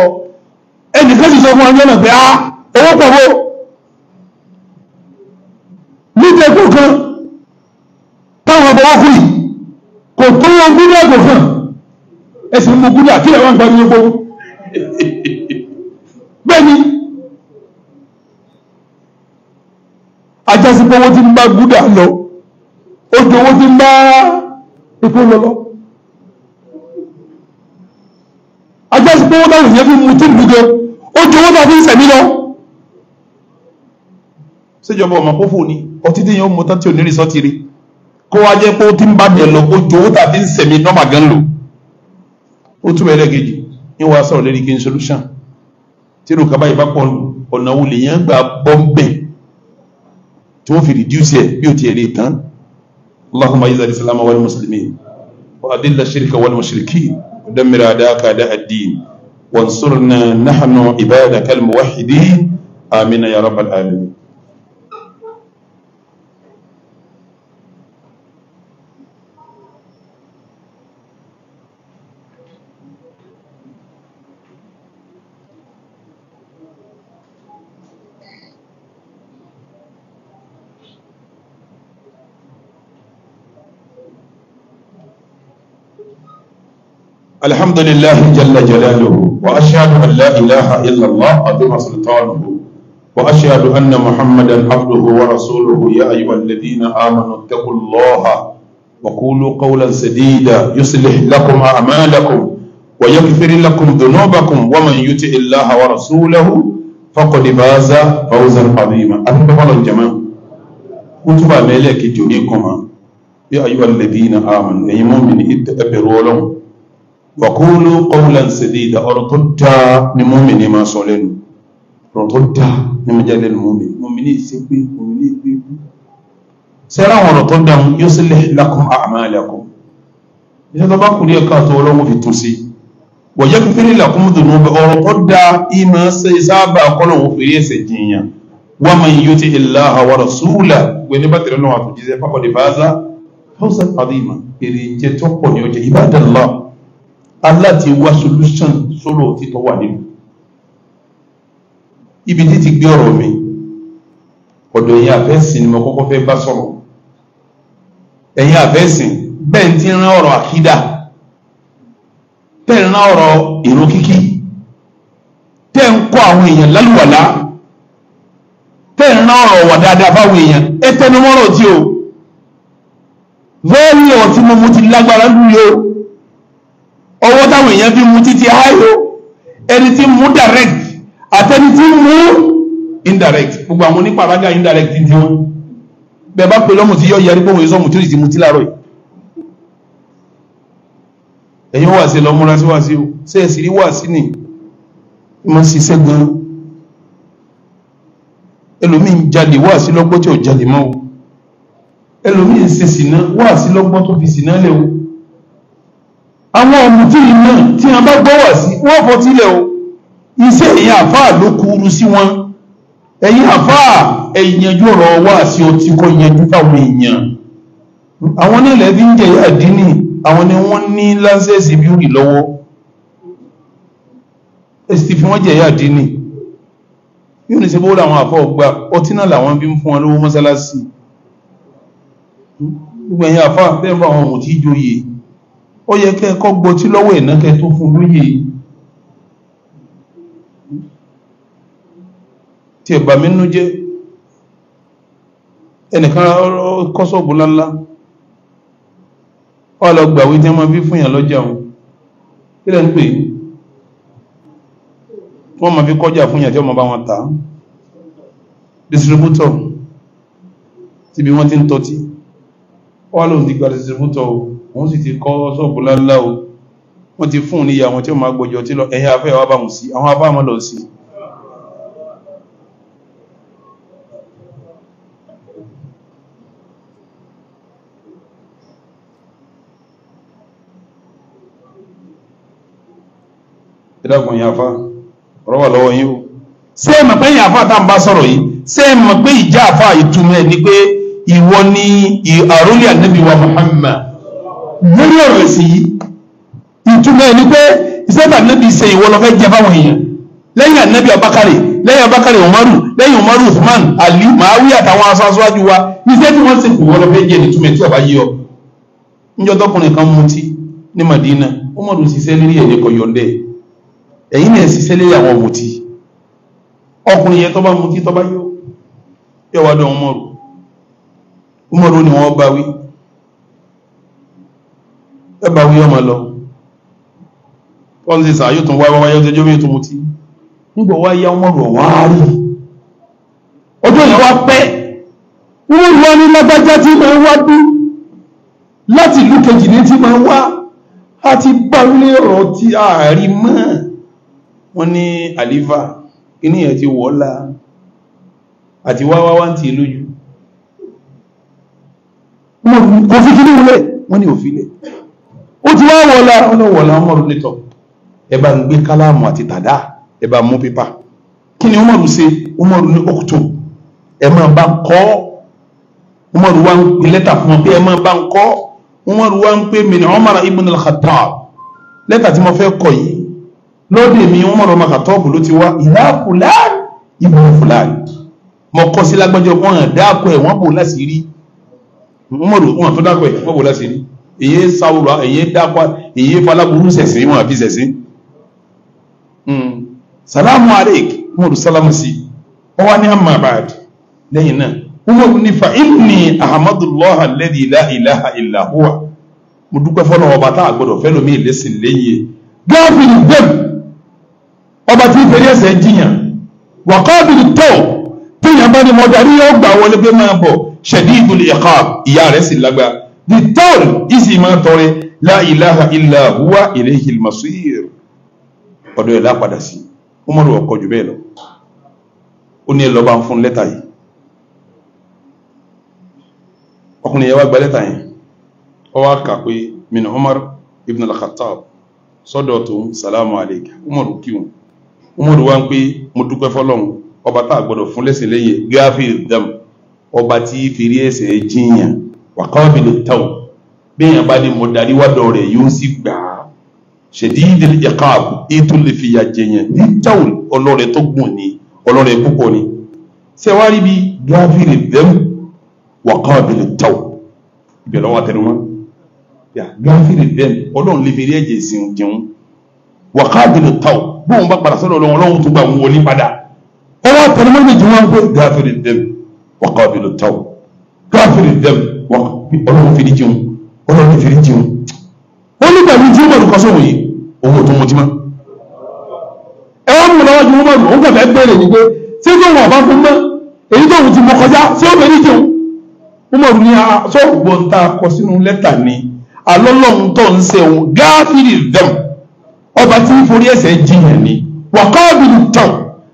ẹnìkan sì sọ fún ọjọ́ náà pé ah, owó pọ̀wó nítẹ̀kù kan táwọn ọmọ ọkùn yìí kò tó wọn gúdà kò kàn ẹsìn mú gúdà kí lè wọ́n gba ní epo bẹ́ẹ̀ni ajásí pé owó ti ń bá gúdà lọ ó ju owó ti ń bá pípé lọ́lọ́ ajá sí pé wọ́n dáhùn yẹn fi mú tí nìjọ ó ju owó náà fi ń sẹ̀mí lọ síjọba ọmọ pófò ni ọtí tí yẹn ó mú tán tí ò ní rìsọ́ọ̀tì rí kó wá jẹ́ pé ó ti ń bá mi lọ ó ju owó tàbí ń sẹ̀mí nọ́mà gan lò ó túbọ̀ ẹlẹ́gẹ̀jì ní wàá sọ̀rọ̀ lórí kí n solution tí ìlú kaba yìí bá pọ̀ ọ̀nà wo lèèyàn gbà bọ́ tí wọ́n fi reduce ẹ̀ bí ó ti ẹ̀ lè tán اللهم اعز الاسلام والمسلمين واذل الشرك والمشركين ودمر اعداءك اعداء الدين وانصرنا نحن عبادك الموحدين امين يا رب العالمين الحمد لله جل جلاله وأشهد أن لا إله إلا الله عظيم سلطانه وأشهد أن محمدا عبده ورسوله يا أيها الذين آمنوا اتقوا الله وقولوا قولا سديدا يصلح لكم أعمالكم ويغفر لكم ذنوبكم ومن يطع الله ورسوله فقد فاز فوزا عظيما أتقوا الجماعة كتب عليك جنيكما يا أيها الذين آمنوا أي مؤمن اتقوا wàkúlù qawlan sadida ọ̀rọ̀ tó dáa ni mùmínì máa sọ lẹ́nu ọ̀rọ̀ tó dáa ni mo jẹ́ lẹ́nu mùmínì mùmínì ìsẹ́gbé mùmínì ìgbégbé sẹ́ra ọ̀rọ̀ tó dáa yuslih lakum a'malakum iṣẹ́ tó bá kù ní ẹ̀ka tó ọlọ́run fi tún sí wa yaghfir lakum dhunuba ọ̀rọ̀ tó dáa ìmọ̀ ṣe sábà kọ́lọ̀hún fèrè ẹ̀sẹ̀ jìyàn wa man yuti illaha wa rasulahu wẹ́n bá tẹ̀lé náà àtúnjíṣẹ́ faqad faza fawzan adhima èrè jẹ́ tó pọ̀ ní ọjọ́ ibadallah aláti wá solution sọ́rọ̀ títọ́ wà nínú ibi tí ti gbé ọ̀rọ̀ mi ọ̀dọ̀ ẹ̀yin àfẹ́sìn ni mo kọ́kọ́ fẹ́ bá sọ̀rọ̀ ẹ̀yin àfẹ́sìn bẹ́ẹ̀ ti rán ọ̀rọ̀ àkídà tẹ́ ń rán ọ̀rọ̀ èrò kíkí tẹ́ ń kọ́ àwọn èèyàn lálùwàlá tẹ́ rán ọ̀rọ̀ wà dáadáa fáwọn èèyàn ẹ tẹnumọ́rọ̀ tí o vẹ́ẹ̀lì ọ̀tí mo mo ti lágbára lulẹ̀ o ọwọ́ táwọn èèyàn fi mu títí ayò ẹni tí mú direct àtẹni tí mú indirect gbogbo àwọn onípàrágà indirect ti wọn bẹ́ẹ̀ bá pe lọ́mù tí yọ yarí pọ̀wọ̀n ìsọ́mù tí ó sì ti mu tí láàárọ̀ yìí ẹ̀yin wà sí lọ́múra sí wà sí o ṣé ẹ̀sì rí wà sí ni wọ́n sì ṣẹ́gun ẹlòmíín jalè wà sí lọ́gbọ́ tí ò jalè mọ́ o ẹlòmíín ṣe sìná wà sí lọ́gbọ́ tó fi sìná lẹ́wọ́ àwọn ọ̀mùtí iná tí a bá gbọ́wọ̀ sí wọ́n fọ́ tílẹ̀ o iṣẹ́ èyí àfáà ló kúrú sí wọn èyí àfáà ẹ̀yànjú ọ̀rọ̀ wà sí o ti kọ́ yanjú fáwọn èèyàn àwọn nílẹ̀ bí ń jẹ àdínì àwọn ni wọ́n ní láńsẹ̀sì bí rì lọ́wọ́ èsì ti fi wọ́n jẹ àdínì yóò ní sẹ́bọ́ làwọn àfọ́ ọgbà ọtí náà gbogbo ẹ̀yìn àfáà bẹ́ẹ̀ bá àwọn ọmọ tí í ó yẹ kẹ́ kọ́ gbọ́tí lọ́wọ́ ìnákẹ́ tó fún lóyè tí ẹ̀bà mínú jẹ́ ẹnìkan kọ́ sọ́ọ̀bù lánlá ọlọ́gbàwé tí wọ́n fi fún yàn lọ́jà wọn kílẹ̀ ń pè wọ́n ma fi kọjá fún yàn tí bá wọn tàá distributor tí bí wọ́n ti ń tọ́tí wọ́n lòun ti gba distributor o òun sì ti kọ́ ṣọ́ọ̀bù lálá o wọ́n ti fún níyà wọn tí ó máa gbọ́jọ tí lọ ẹ̀yà afẹ́ wà báhùn sí àwọn afáàmọ́ lọ sí ìdàgùn ìyàfá rọ́wà lọ́wọ́ yíò ṣé ẹ pé ìyàfá tá ń bá sọ̀rọ̀ yìí ṣé ẹ pé ìjà àfá ìtumọ̀ ní pé ìwọ ni àrólẹ̀ ànábì Muhammad lórí ọ̀rọ̀ ẹ̀sìn yìí ìtumọ̀ ẹni pé ìsẹ́fà níbi ṣe ìwọ lọ fẹ́ jẹ fáwọn èèyàn lẹ́yìn ànábì abakari lẹ́yìn abakari umaru lẹ́yìn umaru usman ali maawi àtàwọn aṣáájú wa iṣẹ́ tí wọ́n ṣe ìwọ lọ fẹ́ jẹ nítumọ̀ tí ọba yí ọ níjọ́ tọkùnrin kan mutí ní madina umaru ṣiṣẹ́ lórí ẹ̀yẹ kọ yọ̀ǹdẹ́ ẹ̀yìn náà ṣiṣẹ́ lórí àwọn mutí ọkùnrin yẹn tó bá mutí tó bá yọ yọ wá dán umaru umaru ni wọ́n bá wí ẹ bá wíyọ́ máa lọ wọ́n ti sà yóò tún wáyé wáyé ọjọ́ yóò tún mutí nígbà wáyé wọ́n rọ̀ wá rí ọjọ́ yẹn wá pẹ́ wọ́n wá ní lágbájá tí máa wá bí láti ìlú kejì ní tí máa wá a ti bá lé ọ̀rọ̀ tí ààrí mọ́ wọ́n ní àlífà kíní ẹ̀ ti wọ́ọ́lá àti wáwá wá ń ti lójú kò fi kíní wọlé wọ́n ní òfilẹ̀ ó ti wá wọ̀lá ọlọ́wọ̀lá ọmọrù nítọ̀ ẹ bá ń gbé kálámù àti tàdá ẹ bá mú pépà kí ni ọmọrù ṣe ọmọrù ní ọkùtù ẹ máa bá ń kọ́ ọmọrù wa ń pè lẹ́tà fún wọn pé ẹ máa bá ń kọ́ ọmọrù wa ń pè mí ní Umar ibn al-Khattab lẹ́tà tí mo fẹ́ kọ yìí lóde mi Umar ọmọ Khattab ló ti wá ìlà fúlàní ìbò fúlàní mo kọ́ sí lágbájọ wọn dáko ẹ̀ wọ́n bò láṣìírí ọmọrù wọn tó dáko ẹ̀ wọ́n bò láṣìírí èyí sáwùrọ̀ èyí dápá èyí faláburú sẹ̀sìn wọn àfi sẹ̀sìn salamu aleik mọ̀rù salamu sí ọwá ní àmà àbáàdì lẹ́yìn náà wọ́n ní fa inni ahmadullah alladhi la ilaha illa huwa mo dúpẹ́ fọ́nà ọba tá a gbọ́dọ̀ fẹ́ lómi ìlẹ́sìn lẹ́yìn gáàbìlì gbẹ̀m ọba tí ìfẹ̀rí ẹ̀sẹ̀ jiyàn wà káàbìlì tọ́ téèyàn bá ní mọ̀ darí ọgbà wọlé pé máa bọ̀ shadidul iqab ìyá rẹ̀ sì lágbára Di tol isi máa tọrẹ la ilaha illa huwa ilayhi al-masir ọ̀dọ̀ ẹ̀ lápadà sí umaru ọkọ̀ jù bẹ́ẹ̀ lọ ó ní ẹ lọ́ọ́ bá ń fún lẹ́tà yìí ọkùnrin yẹn wá gba lẹ́tà yẹn ó wá kà pé min umar ibn al-khattab sọ́dọ̀ tó ń salamu alayka umaru kíwọn umaru wá ń mo dúpẹ́ fọlọ́run ọba tá a gbọ́dọ̀ fún lẹ́sìn lẹ́yìn dam ọba tí fèrè ẹ̀ṣẹ̀ jiyàn wàkọ́bìlì tẹ́wọ̀ bẹ́ẹ̀yàn bá ní mo darí wádọ̀ rẹ̀ yóò sì gbà á ṣèdíìdì ìkààbù ètò lè fìyà jẹyàn ní tẹ́wọ̀ ọlọ́rẹ̀ tó gùn ni ọlọ́rẹ̀ púpọ̀ ni sẹ́wárí bíi gáfìrì dẹ́mu wàkọ́bìlì tẹ́wọ̀ ibẹ̀ lọ́wọ́ àtẹnumọ́ gáfìrì dẹ́mu ọlọ́run lè fi rí ẹ̀jẹ̀ jẹun wàkọ́bìlì tẹ́wọ̀ bóun bá padà sọ́dọ̀ ọlọ́run tó gbà wọ́n wọlé padà ọwọ́ àtẹnumọ́ méjì ọlọ́run fìdí jẹun ọlọ́run fìdí jẹun ó ní pẹ̀lú tí ó mọ̀rún kọ́sọ̀wò yìí owó tó mọ̀jímá ẹwọ́n mú lọ́wọ́ ju mọ́rún ó kẹfẹ́ bẹ̀rẹ̀ ní pé tí ó wọ̀ bá fún mọ́ èyí tó wù ti mọ kọjá tí ó fẹ́rí jẹun ah, ó mọ̀rún ní aṣọ ògbọ́n tá a kọ sínú lẹ́tà ni alọ́lọ́run tó ń ṣe òun gáfìrì dẹ̀m ọba tí ń forí ẹ̀ṣẹ̀ jiyàn ni wàkọ́ọ̀bìnrin tán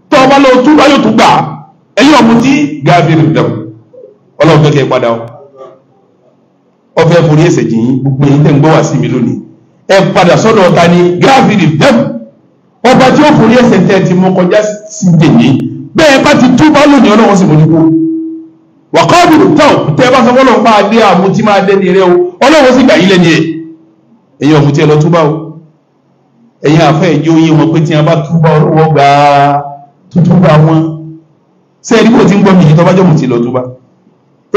tó ọba lọ́ọ́ tún báyọ̀ tún gbà ẹ̀yìn ọmọ tí gáfìrì dẹ̀m ọlọ́run tó kẹ́ padà ọ́ ọfẹ forí ẹsẹ̀ jìn yín gbogbo yín tẹ́ ń gbọ́ wá sí mi lónìí ẹ padà sọ́dọ̀ ọ̀tá ni gáàfìrì bẹm ọba tí ó forí ẹsẹ̀ tẹ́ ti mọ kọjá sí dèmí bẹ́ẹ̀ bá ti túbọ̀ lónìí Ọlọ́run sì mọ nípò wàkọọbù tán tẹ́ bá sọ fọlọ pa adé àmú tí máa dẹni rẹ o Ọlọ́run sì gbà yín lẹni ẹ ẹ̀yin ọmọ tí ẹ lọ túbà o ẹ̀yin àfẹ ẹjẹ oyin wọn pé tí wọn bá túbà ọlọwọ gbà á tútúbà wọn sẹ ẹni kò tí ń gbọ́ mi yìí tọ́ bá jọ́ mo ti lọ túbà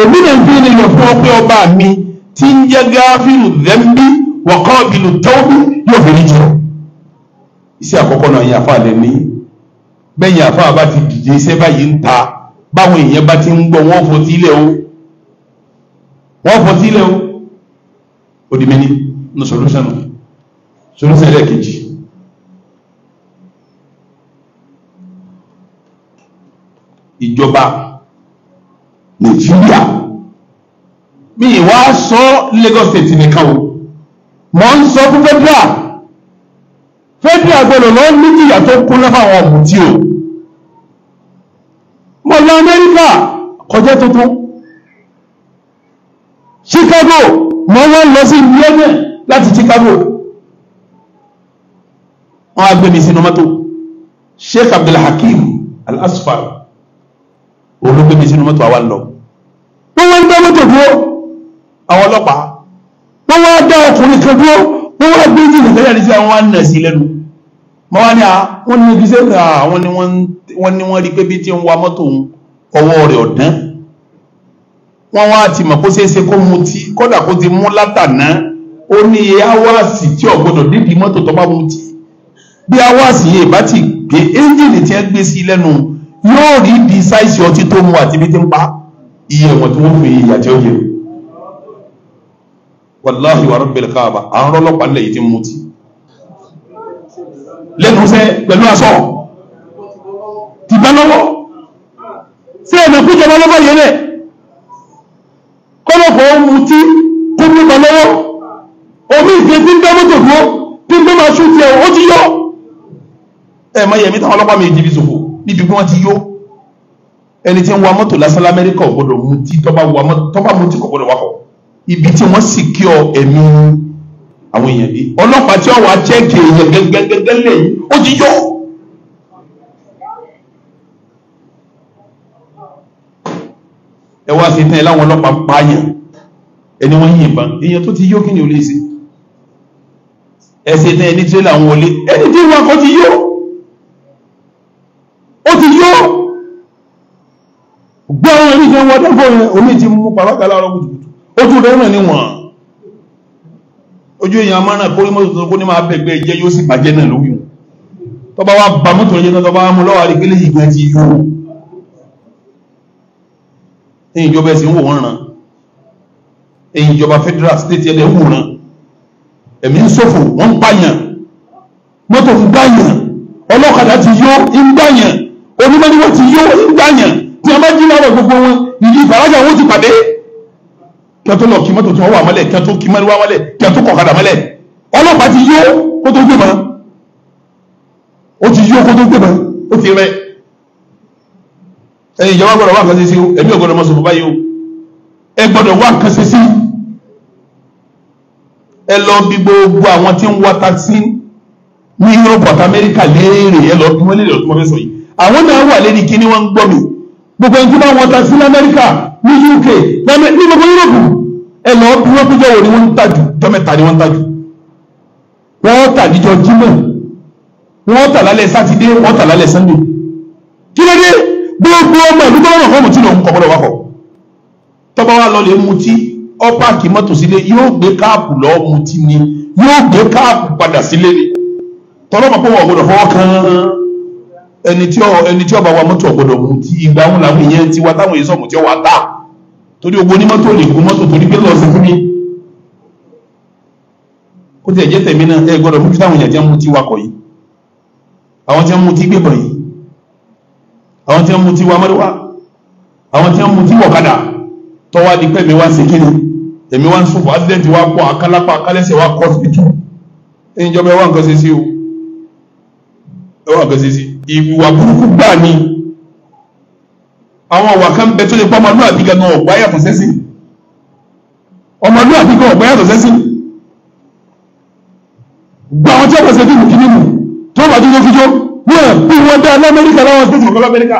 èmi náà ń fi ní lọ fún ọ pé ọba mi tí ń jẹ́ gáfíìlù dẹ́mbí wọ́kọ́ọ̀bìlù tọ́ọ̀bù yóò fi níjọ. iṣẹ́ àkọ́kọ́ náà yẹn àfáà lẹ́ni bẹ́yìn àfáà bá ti dìde iṣẹ́ báyìí ń ta báwọn èèyàn bá ti ń gbọ́ wọ́n fò sílẹ̀ o wọ́n fò sílẹ̀ o òdìmẹ́ni ní solution solution ẹlẹ́ẹ̀kejì. ìjọba nàìjíríà mi ìwá sọ Lagos State nìkan o mọ́ ń sọ fún federal federal gbọ́dọ̀ lọ ní ìyà tó kún lọ́fàwọn ọ̀mù tí o mo lọ Amẹ́ríkà kọjá tuntun Chicago mọ́ wọ́n lọ sí lẹ́gbẹ̀ẹ́ láti Chicago wọ́n agbẹ́mi sínú mọ́tò Sheikh Abdulhakeem Al-Asfar olùgbẹ́mi sínú mọ́tò àwọn lọ wọ́n wọ́n ń dá mọ́tò dúró àwọn ọlọ́pàá wọ́n wá dá ọkùnrin kan dúró wọ́n wá gbé jìnnà tẹ́lẹ̀ ní sí àwọn wá nà sí lẹ́nu mọ́ wá ní à wọ́n ní ibi sẹ́ńtà àwọn ni wọ́n ní wọ́n rí pé bí tí ń wa mọ́tò òun ọwọ́ rẹ̀ ọ̀dán wọ́n wá ti mọ̀ kó ṣeé ṣe kó mu tí kódà kó ti mú látàná ó ní iye áwáàsì tí ọ̀gbọ́dọ̀ dídì mọ́tò tó bá mu tí bí áwáàsì yìí bá ti gbé ẹ́ńjìnì tí wọ́n gbé sí lẹ́nu yóò rí di sáìsì ọtí tó mu àti bí ti ń pa iye wọn wàláhì wà rabbil káàbà àárọ̀ ọlọ́pàá lẹ́yìn tí ń mutí lẹ́nu sẹ́ pẹ̀lú aṣọ tìbá lọ́wọ́ sí ẹ̀nà kújọba lọ́wọ́ yẹn lẹ̀ kọ́lọ́pọ̀ ó mutí kó nípa lọ́wọ́ omi ìfẹ́ tí ń dá mọ́tò dúró tí ń gbé máa ṣú tiẹ̀ ó ti yọ ẹ̀ mọ yẹ̀mí táwọn ọlọ́pàá mi dìbì sòfò níbi bí wọ́n ti yó ẹni tí ń wa mọ́tò lásán lamẹ́ríkà ò gbọ́dọ̀ mutí tó bá mutí kò gbọ́dọ̀ wakọ̀ ibi tí wọ́n sì kí ọ ẹ̀mí àwọn èèyàn yìí ọlọ́pàá tí ọwọ́ àjẹ́kẹ̀ èèyàn gẹ́gẹ́gẹ́ lẹ́yìn ó ti yọ. ẹ wá sí tán ẹ láwọn ọlọ́pàá pààyàn ẹni wọ́n yìnbọn èèyàn tó ti yó kí ni ò lè ṣe ẹ ṣe tán ẹni tírélà wọn wọlé ẹni tí wọn kọ ti yó ó ti yó gbọ́ àwọn ẹni tí wọ́n wọ́n dẹ́gbọ́ yẹn omi ti mú pàrọ́kà láàárọ̀ kùtùkùtù ojú rẹ̀ náà ni wọ́n ojú èèyàn máa náà kórí mọ́tò tó kó ní máa bẹ̀gbẹ́ jẹ́ yóò sì bàjẹ́ náà lórí wọn tó bá wá bá jẹ́ tó bá mú lọ́wọ́ àrígbélé ìgbà ti yó èyí ìjọba ẹ̀sìn wò wọ́n ràn èyí ìjọba federal state ẹ̀dẹ̀ wò ràn ẹ̀mí ń ṣòfò wọ́n ń pààyàn mọ́tò ń gbàyàn ọlọ́kadà ti yó ń gbàyàn onímọ̀níwọ̀ ti yó ń gbàyàn tí a bá jí kẹtó lọ kí mọ́tò tí wọ́n wà mọ́lẹ̀ kẹtó kí mọ́lẹ̀ wà mọ́lẹ̀ kẹtó kọ̀kadà mọ́lẹ̀ ọlọ́pàá ti yó kó tó gbé mọ́ o ti yó kó tó gbé mọ́ ó ti rẹ ẹ̀yin ìjọba gbọ́dọ̀ wá nǹkan ṣe sí o ẹ̀mí ọ̀gọ́dọ̀ báyìí o ẹ gbọ́dọ̀ wá nǹkan ṣe sí ẹ lọ bí gbogbo àwọn tí ń wá takisí ní Europe àti America léèrè ẹ lọ bí wọ́n léèrè ọ̀tún mọ́ fẹ́ sọ yìí àwọn náà wà lẹ́ni kí ni wọ́n ń gbọ́ mi gbogbo ẹni tó bá wọn takisí ní America ní UK ní gbogbo Europe ẹ lọ dúró péjọ wo ni wọ́n ń tàjù jọ mẹ́ta ni wọ́n ń tàjù wọ́n tà níjọ Jímọ̀ wọ́n tà lálẹ́ sátidé wọ́n tà lálẹ́ Sunday kí ló dé gbogbo ọmọ ìlú tó lọ́nà fọ́ọ̀mù tí lòun kọ̀ gbọ́dọ̀ wakọ̀ tọ́ba wa lọ lè mutí ọ́pàkì mọ́tò sílé yóò gbé káàpù lọ mutí ni yóò gbé káàpù padà sílé ni tọ́lọ́mọ pé wọ́n gbọ́dọ̀ fọwọ́ kan ẹni tí ọba wa mọ́tò ọ̀gbọ́dọ̀ mutí ìgbà wọn làwọn ìyẹn ti wa táwọn èso mutí ọwọ́ àtà torí ogun onímọ́tò lè gun mọ́tò torí pé lọ́ọ̀sì fún mi ó ti ẹ̀jẹ̀ tẹ̀mí náà ẹ gbọ́dọ̀ fojú táwọn èèyàn tí wọ́n mú wakọ̀ yìí àwọn tí wọ́n mú gbébọn yìí àwọn tí wọ́n mú wa mọ́ríwá àwọn tí wọ́n mú ti wọ̀kadà tọ́wá di pẹ́ mi wá sí kíni èmi wá ń sọ̀fọ̀ ásídẹ́ǹtì wa pọ̀ akálápá akálẹ́sẹ̀ wa kọ́ síbìtì ẹ̀yin ìjọba ẹ wá ṣe sí o ẹ wá ṣe sí ìwà burúkú gbáà ni àwọn ọ̀wà kan bẹ tó lè pọ́ ọmọlúwàbí gangan ọ̀gbá yàtọ̀ sẹ́sìn ọmọlúwàbí kan ọ̀gbá yàtọ̀ sẹ́sìn gba àwọn tí a pèsè fíìmù kìíní mu tó bá tó tó fi jó wọ́n bí wọ́n dá lamẹ́ríkà láwọn stéètì kọ̀ọ̀kan lamẹ́ríkà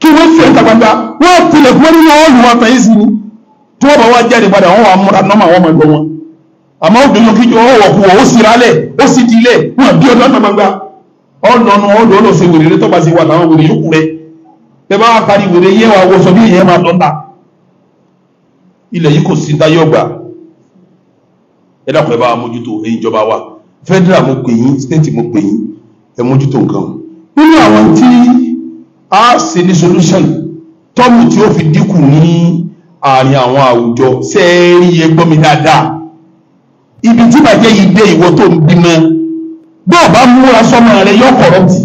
kí wọ́n fi ẹ̀ta gbangba wọ́n tilẹ̀ fún nínú ọ̀lù wọn fẹ̀yìn sí ni tó bá wá jáde padà wọ́n wà múra nọ́mà wọ́n máa gbọ́ wọn àmọ́ ó dùnú kíjọ ó wọ̀kú ó sì rálẹ̀ ó sì dilẹ̀ wọ́n bí ọdún ọ̀tọ̀ gbangba ọ̀nà ọ̀nà ọ̀dọ̀ ọ̀lọ́sẹ̀ wèrè tó bá sì wà láwọn wèrè yókù rẹ̀ bẹ́ẹ̀ bá wà parí wèrè yẹ́ wa wọ́sọ bí ìyẹn máa lọ́ta ilẹ̀ yìí kò sí dáyọ̀ gbà ẹ dàpọ̀ ẹ bá wa mójútó ẹ̀yin ìjọba wa federal mo pè yín state mo pè yín ẹ mójútó nǹkan nínú àwọn tí a ṣe ní solution tọ́mù tí ó fi dínkù ní àárín àwọn àwùjọ sẹ́ẹ̀rí ẹgbọ́n mi dáadáa ibi tí bàjẹ́ yìí dé ìwọ tó ń bímọ bọ́ọ̀ bá múra sọ́mọ rẹ yọ kọ̀rọ̀tì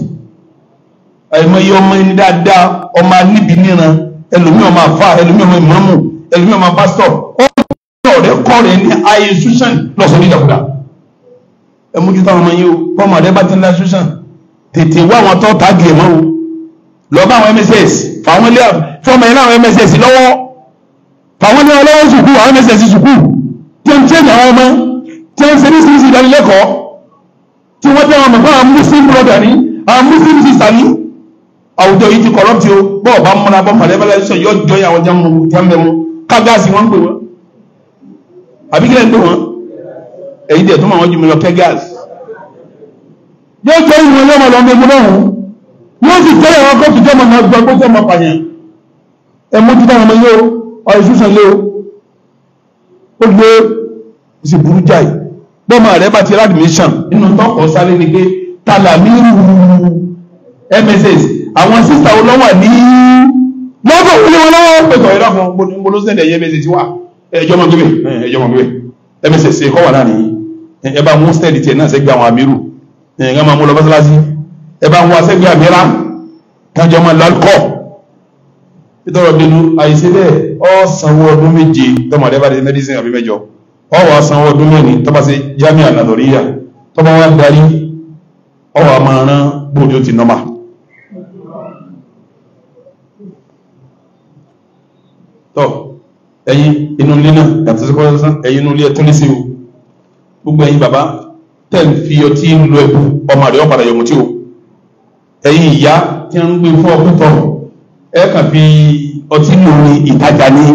àìmọye ọmọ ẹni dáadáa ọmọ níbi níran ẹlòmíì ọmọ àfa ẹlòmíì ọmọ ìmọ̀ọ́mù ẹlòmíì ọmọ pásítọ̀ ọ̀rọ̀ rẹ kọ́ rẹ ní ayé susan lọ́sọ̀ ní ìjàkúdà ẹ mójútó àwọn ọmọ yìí o fọmọ rẹ bá ti ń la susan tètè wá àwọn tó tàgì ẹ̀ mọ́ o lọ bá àwọn mss fàwọn ilé fọmọ yẹn láwọn mss lọ́wọ́ fàwọn ilé ọlọ́wọ́ sùkú àwọn mss sùkú tí wọ́n ti àwọn ọmọ àwùjọ yìí ti kọ̀rọ̀pì o bọ́ọ̀ bá múra bọ́ pàdé bá lẹ́sọ̀ yóò jọ ìyàwó jẹun jẹunbẹ̀ wọn kágáàsì wọn ń pè wọn àbí kílẹ̀ ń pè wọn èyí dẹ̀ tó máa wọn jù mí lọ kẹ́gáàsì. yóò jẹ́ ìwé lọ́mọ lọ́mọ egun náà yóò sì tẹ́lẹ̀ wọn kó tìjọ́ mọ̀ náà gbọ́ pé jẹ́ mọ̀ pàyàn ẹ mójú táwọn ọmọ yóò ọ̀rọ̀ ìṣúṣàn lé o ó gbé sì burú jáì bọ́ọ̀mọ rẹ bá ti rádìmíṣàn nínú tọ́kọ̀ sálé ni pé tàlàmí rúurú mss àwọn sísà olówó ní lọ́gbọ̀n ní wọn lọ́wọ́ pẹ̀tọ̀ ẹ̀rọ fún mo ló sẹ́lẹ̀ yẹ mss wà ẹjọ́ mọ̀ gbé ẹjọ́ mọ̀ gbé mss kọ́ wà láàrin ẹ bá mú stẹ́ẹ̀dì tiẹ̀ náà sẹ́gbẹ́ àwọn amírù ẹ̀ ń máa mú lọ mọ́sálásí ẹ bá wọn sẹ́gbẹ́ àmìlá kájọ máa lọ́kọ̀ nítorọ̀ dínú àìsí bẹ́ẹ̀ ọ sanwó ọdún méje tọmọ tọ́ ẹ̀yin inú ilé náà yàtọ̀ sí kọ́sán ẹ̀yin inú ilé ẹ̀tún lẹ́sìn o gbogbo ẹ̀yin bàbá tẹ̀ ń fi ọtí lu ẹ̀bù ọmọ rẹ̀ ọ̀padà yọ̀mù tí o ẹ̀yin ìyá tí ń gbé fún ọkùn tọ̀ ẹ̀ kàn fi ọtí lu ìtajà ní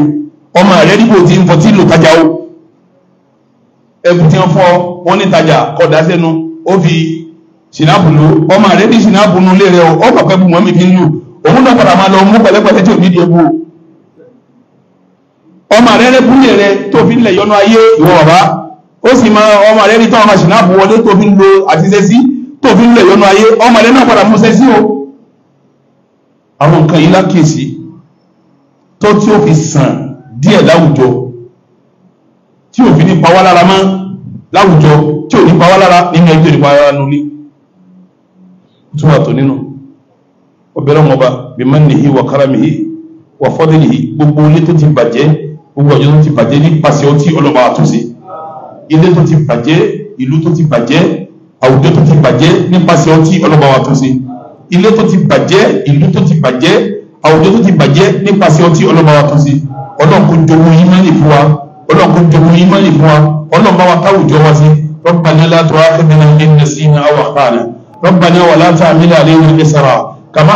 ọmọ rẹ̀ níbo ti ń fọtí lu ìtajà o ẹ̀bù tí wọ́n fọ wọn ní ìtajà kọ̀dá sẹ́nu ó fi sinapu lu ọmọ rẹ̀ ní sinapu nu rẹ̀ o ọ ọmọ rẹ rẹ búlẹ̀ rẹ tó fi lẹ̀ yọnu ayé ìwọ bàbá ó sì mọ ọmọ rẹ rí tán ọmọ ṣìnàbù wọlé tó fi ń lo àtisẹ́sí tó fi ń lẹ̀ yọnu ayé ọmọ rẹ náà padà mú sẹ́sí o àwọn nǹkan yìí lákèsí tó tí ó fi sàn díẹ̀ láwùjọ tí ò fi ní pa wá lára mọ́ láwùjọ tí ò ní pa wá lára nínú ẹgbẹ́ ìpa ara nulí túmọ̀ tó nínú ọbẹ̀rẹ̀ ọmọba bí mọ́ nìyí wà káràmì yìí wà fọ́dẹ̀lì yìí gbogbo ilé tó ti bàjẹ́ gbogbo ọjọ́ tó ti bàjẹ́ nípasẹ̀ ọtí ọlọ́ba àtúnṣe ilé tó ti bàjẹ́ ìlú tó ti bàjẹ́ àwùjọ tó ti bàjẹ́ nípasẹ̀ ọtí ọlọ́ba àtúnṣe ilé tó ti bàjẹ́ ìlú tó ti bàjẹ́ àwùjọ tó ti bàjẹ́ nípasẹ̀ ọtí ọlọ́ba àtúnṣe ọlọ́run kò jogún ìmánì fún wa ọlọ́run kò jogún ìmánì fún wa wa káwùjọ wa sí ربنا لا تؤاخذنا إن نسينا أو أخطأنا ربنا ولا تحمل علينا إسرا كما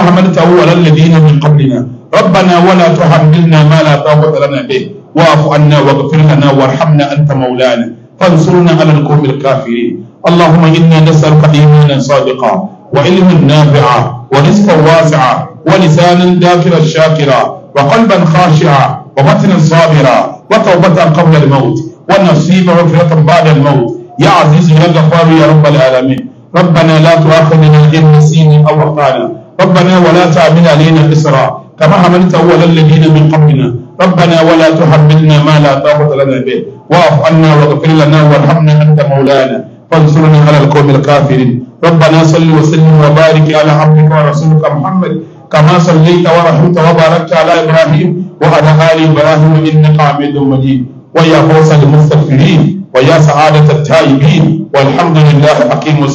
واعف عنا واغفر لنا وارحمنا أنت مولانا فانصرنا على القوم الكافرين اللهم إنا نسألك إيمانا صادقا وعلما نافعا ورزقا واسعا ولسانا ذاكرا شاكرا وقلبا خاشعا وبطنا صابرا وتوبة قبل الموت ونصيب مغفرة بعد الموت يا عزيز يا غفار يا رب العالمين ربنا لا تؤاخذنا إن نسينا أو أخطأنا ربنا ولا تعمل علينا إسرا كما عملت أول الذين من قبلنا ربنا ولا تحملنا ما لا طاقة لنا به واعف عنا واغفر لنا وارحمنا أنت مولانا فانصرنا على القوم الكافرين ربنا صل وسلم وبارك على عبدك ورسولك محمد كما صليت ورحمت وباركت على إبراهيم وعلى آل إبراهيم إنك حميد مجيد ويا فوز المستغفرين ويا سعادة التائبين والحمد لله حكيم الصلاة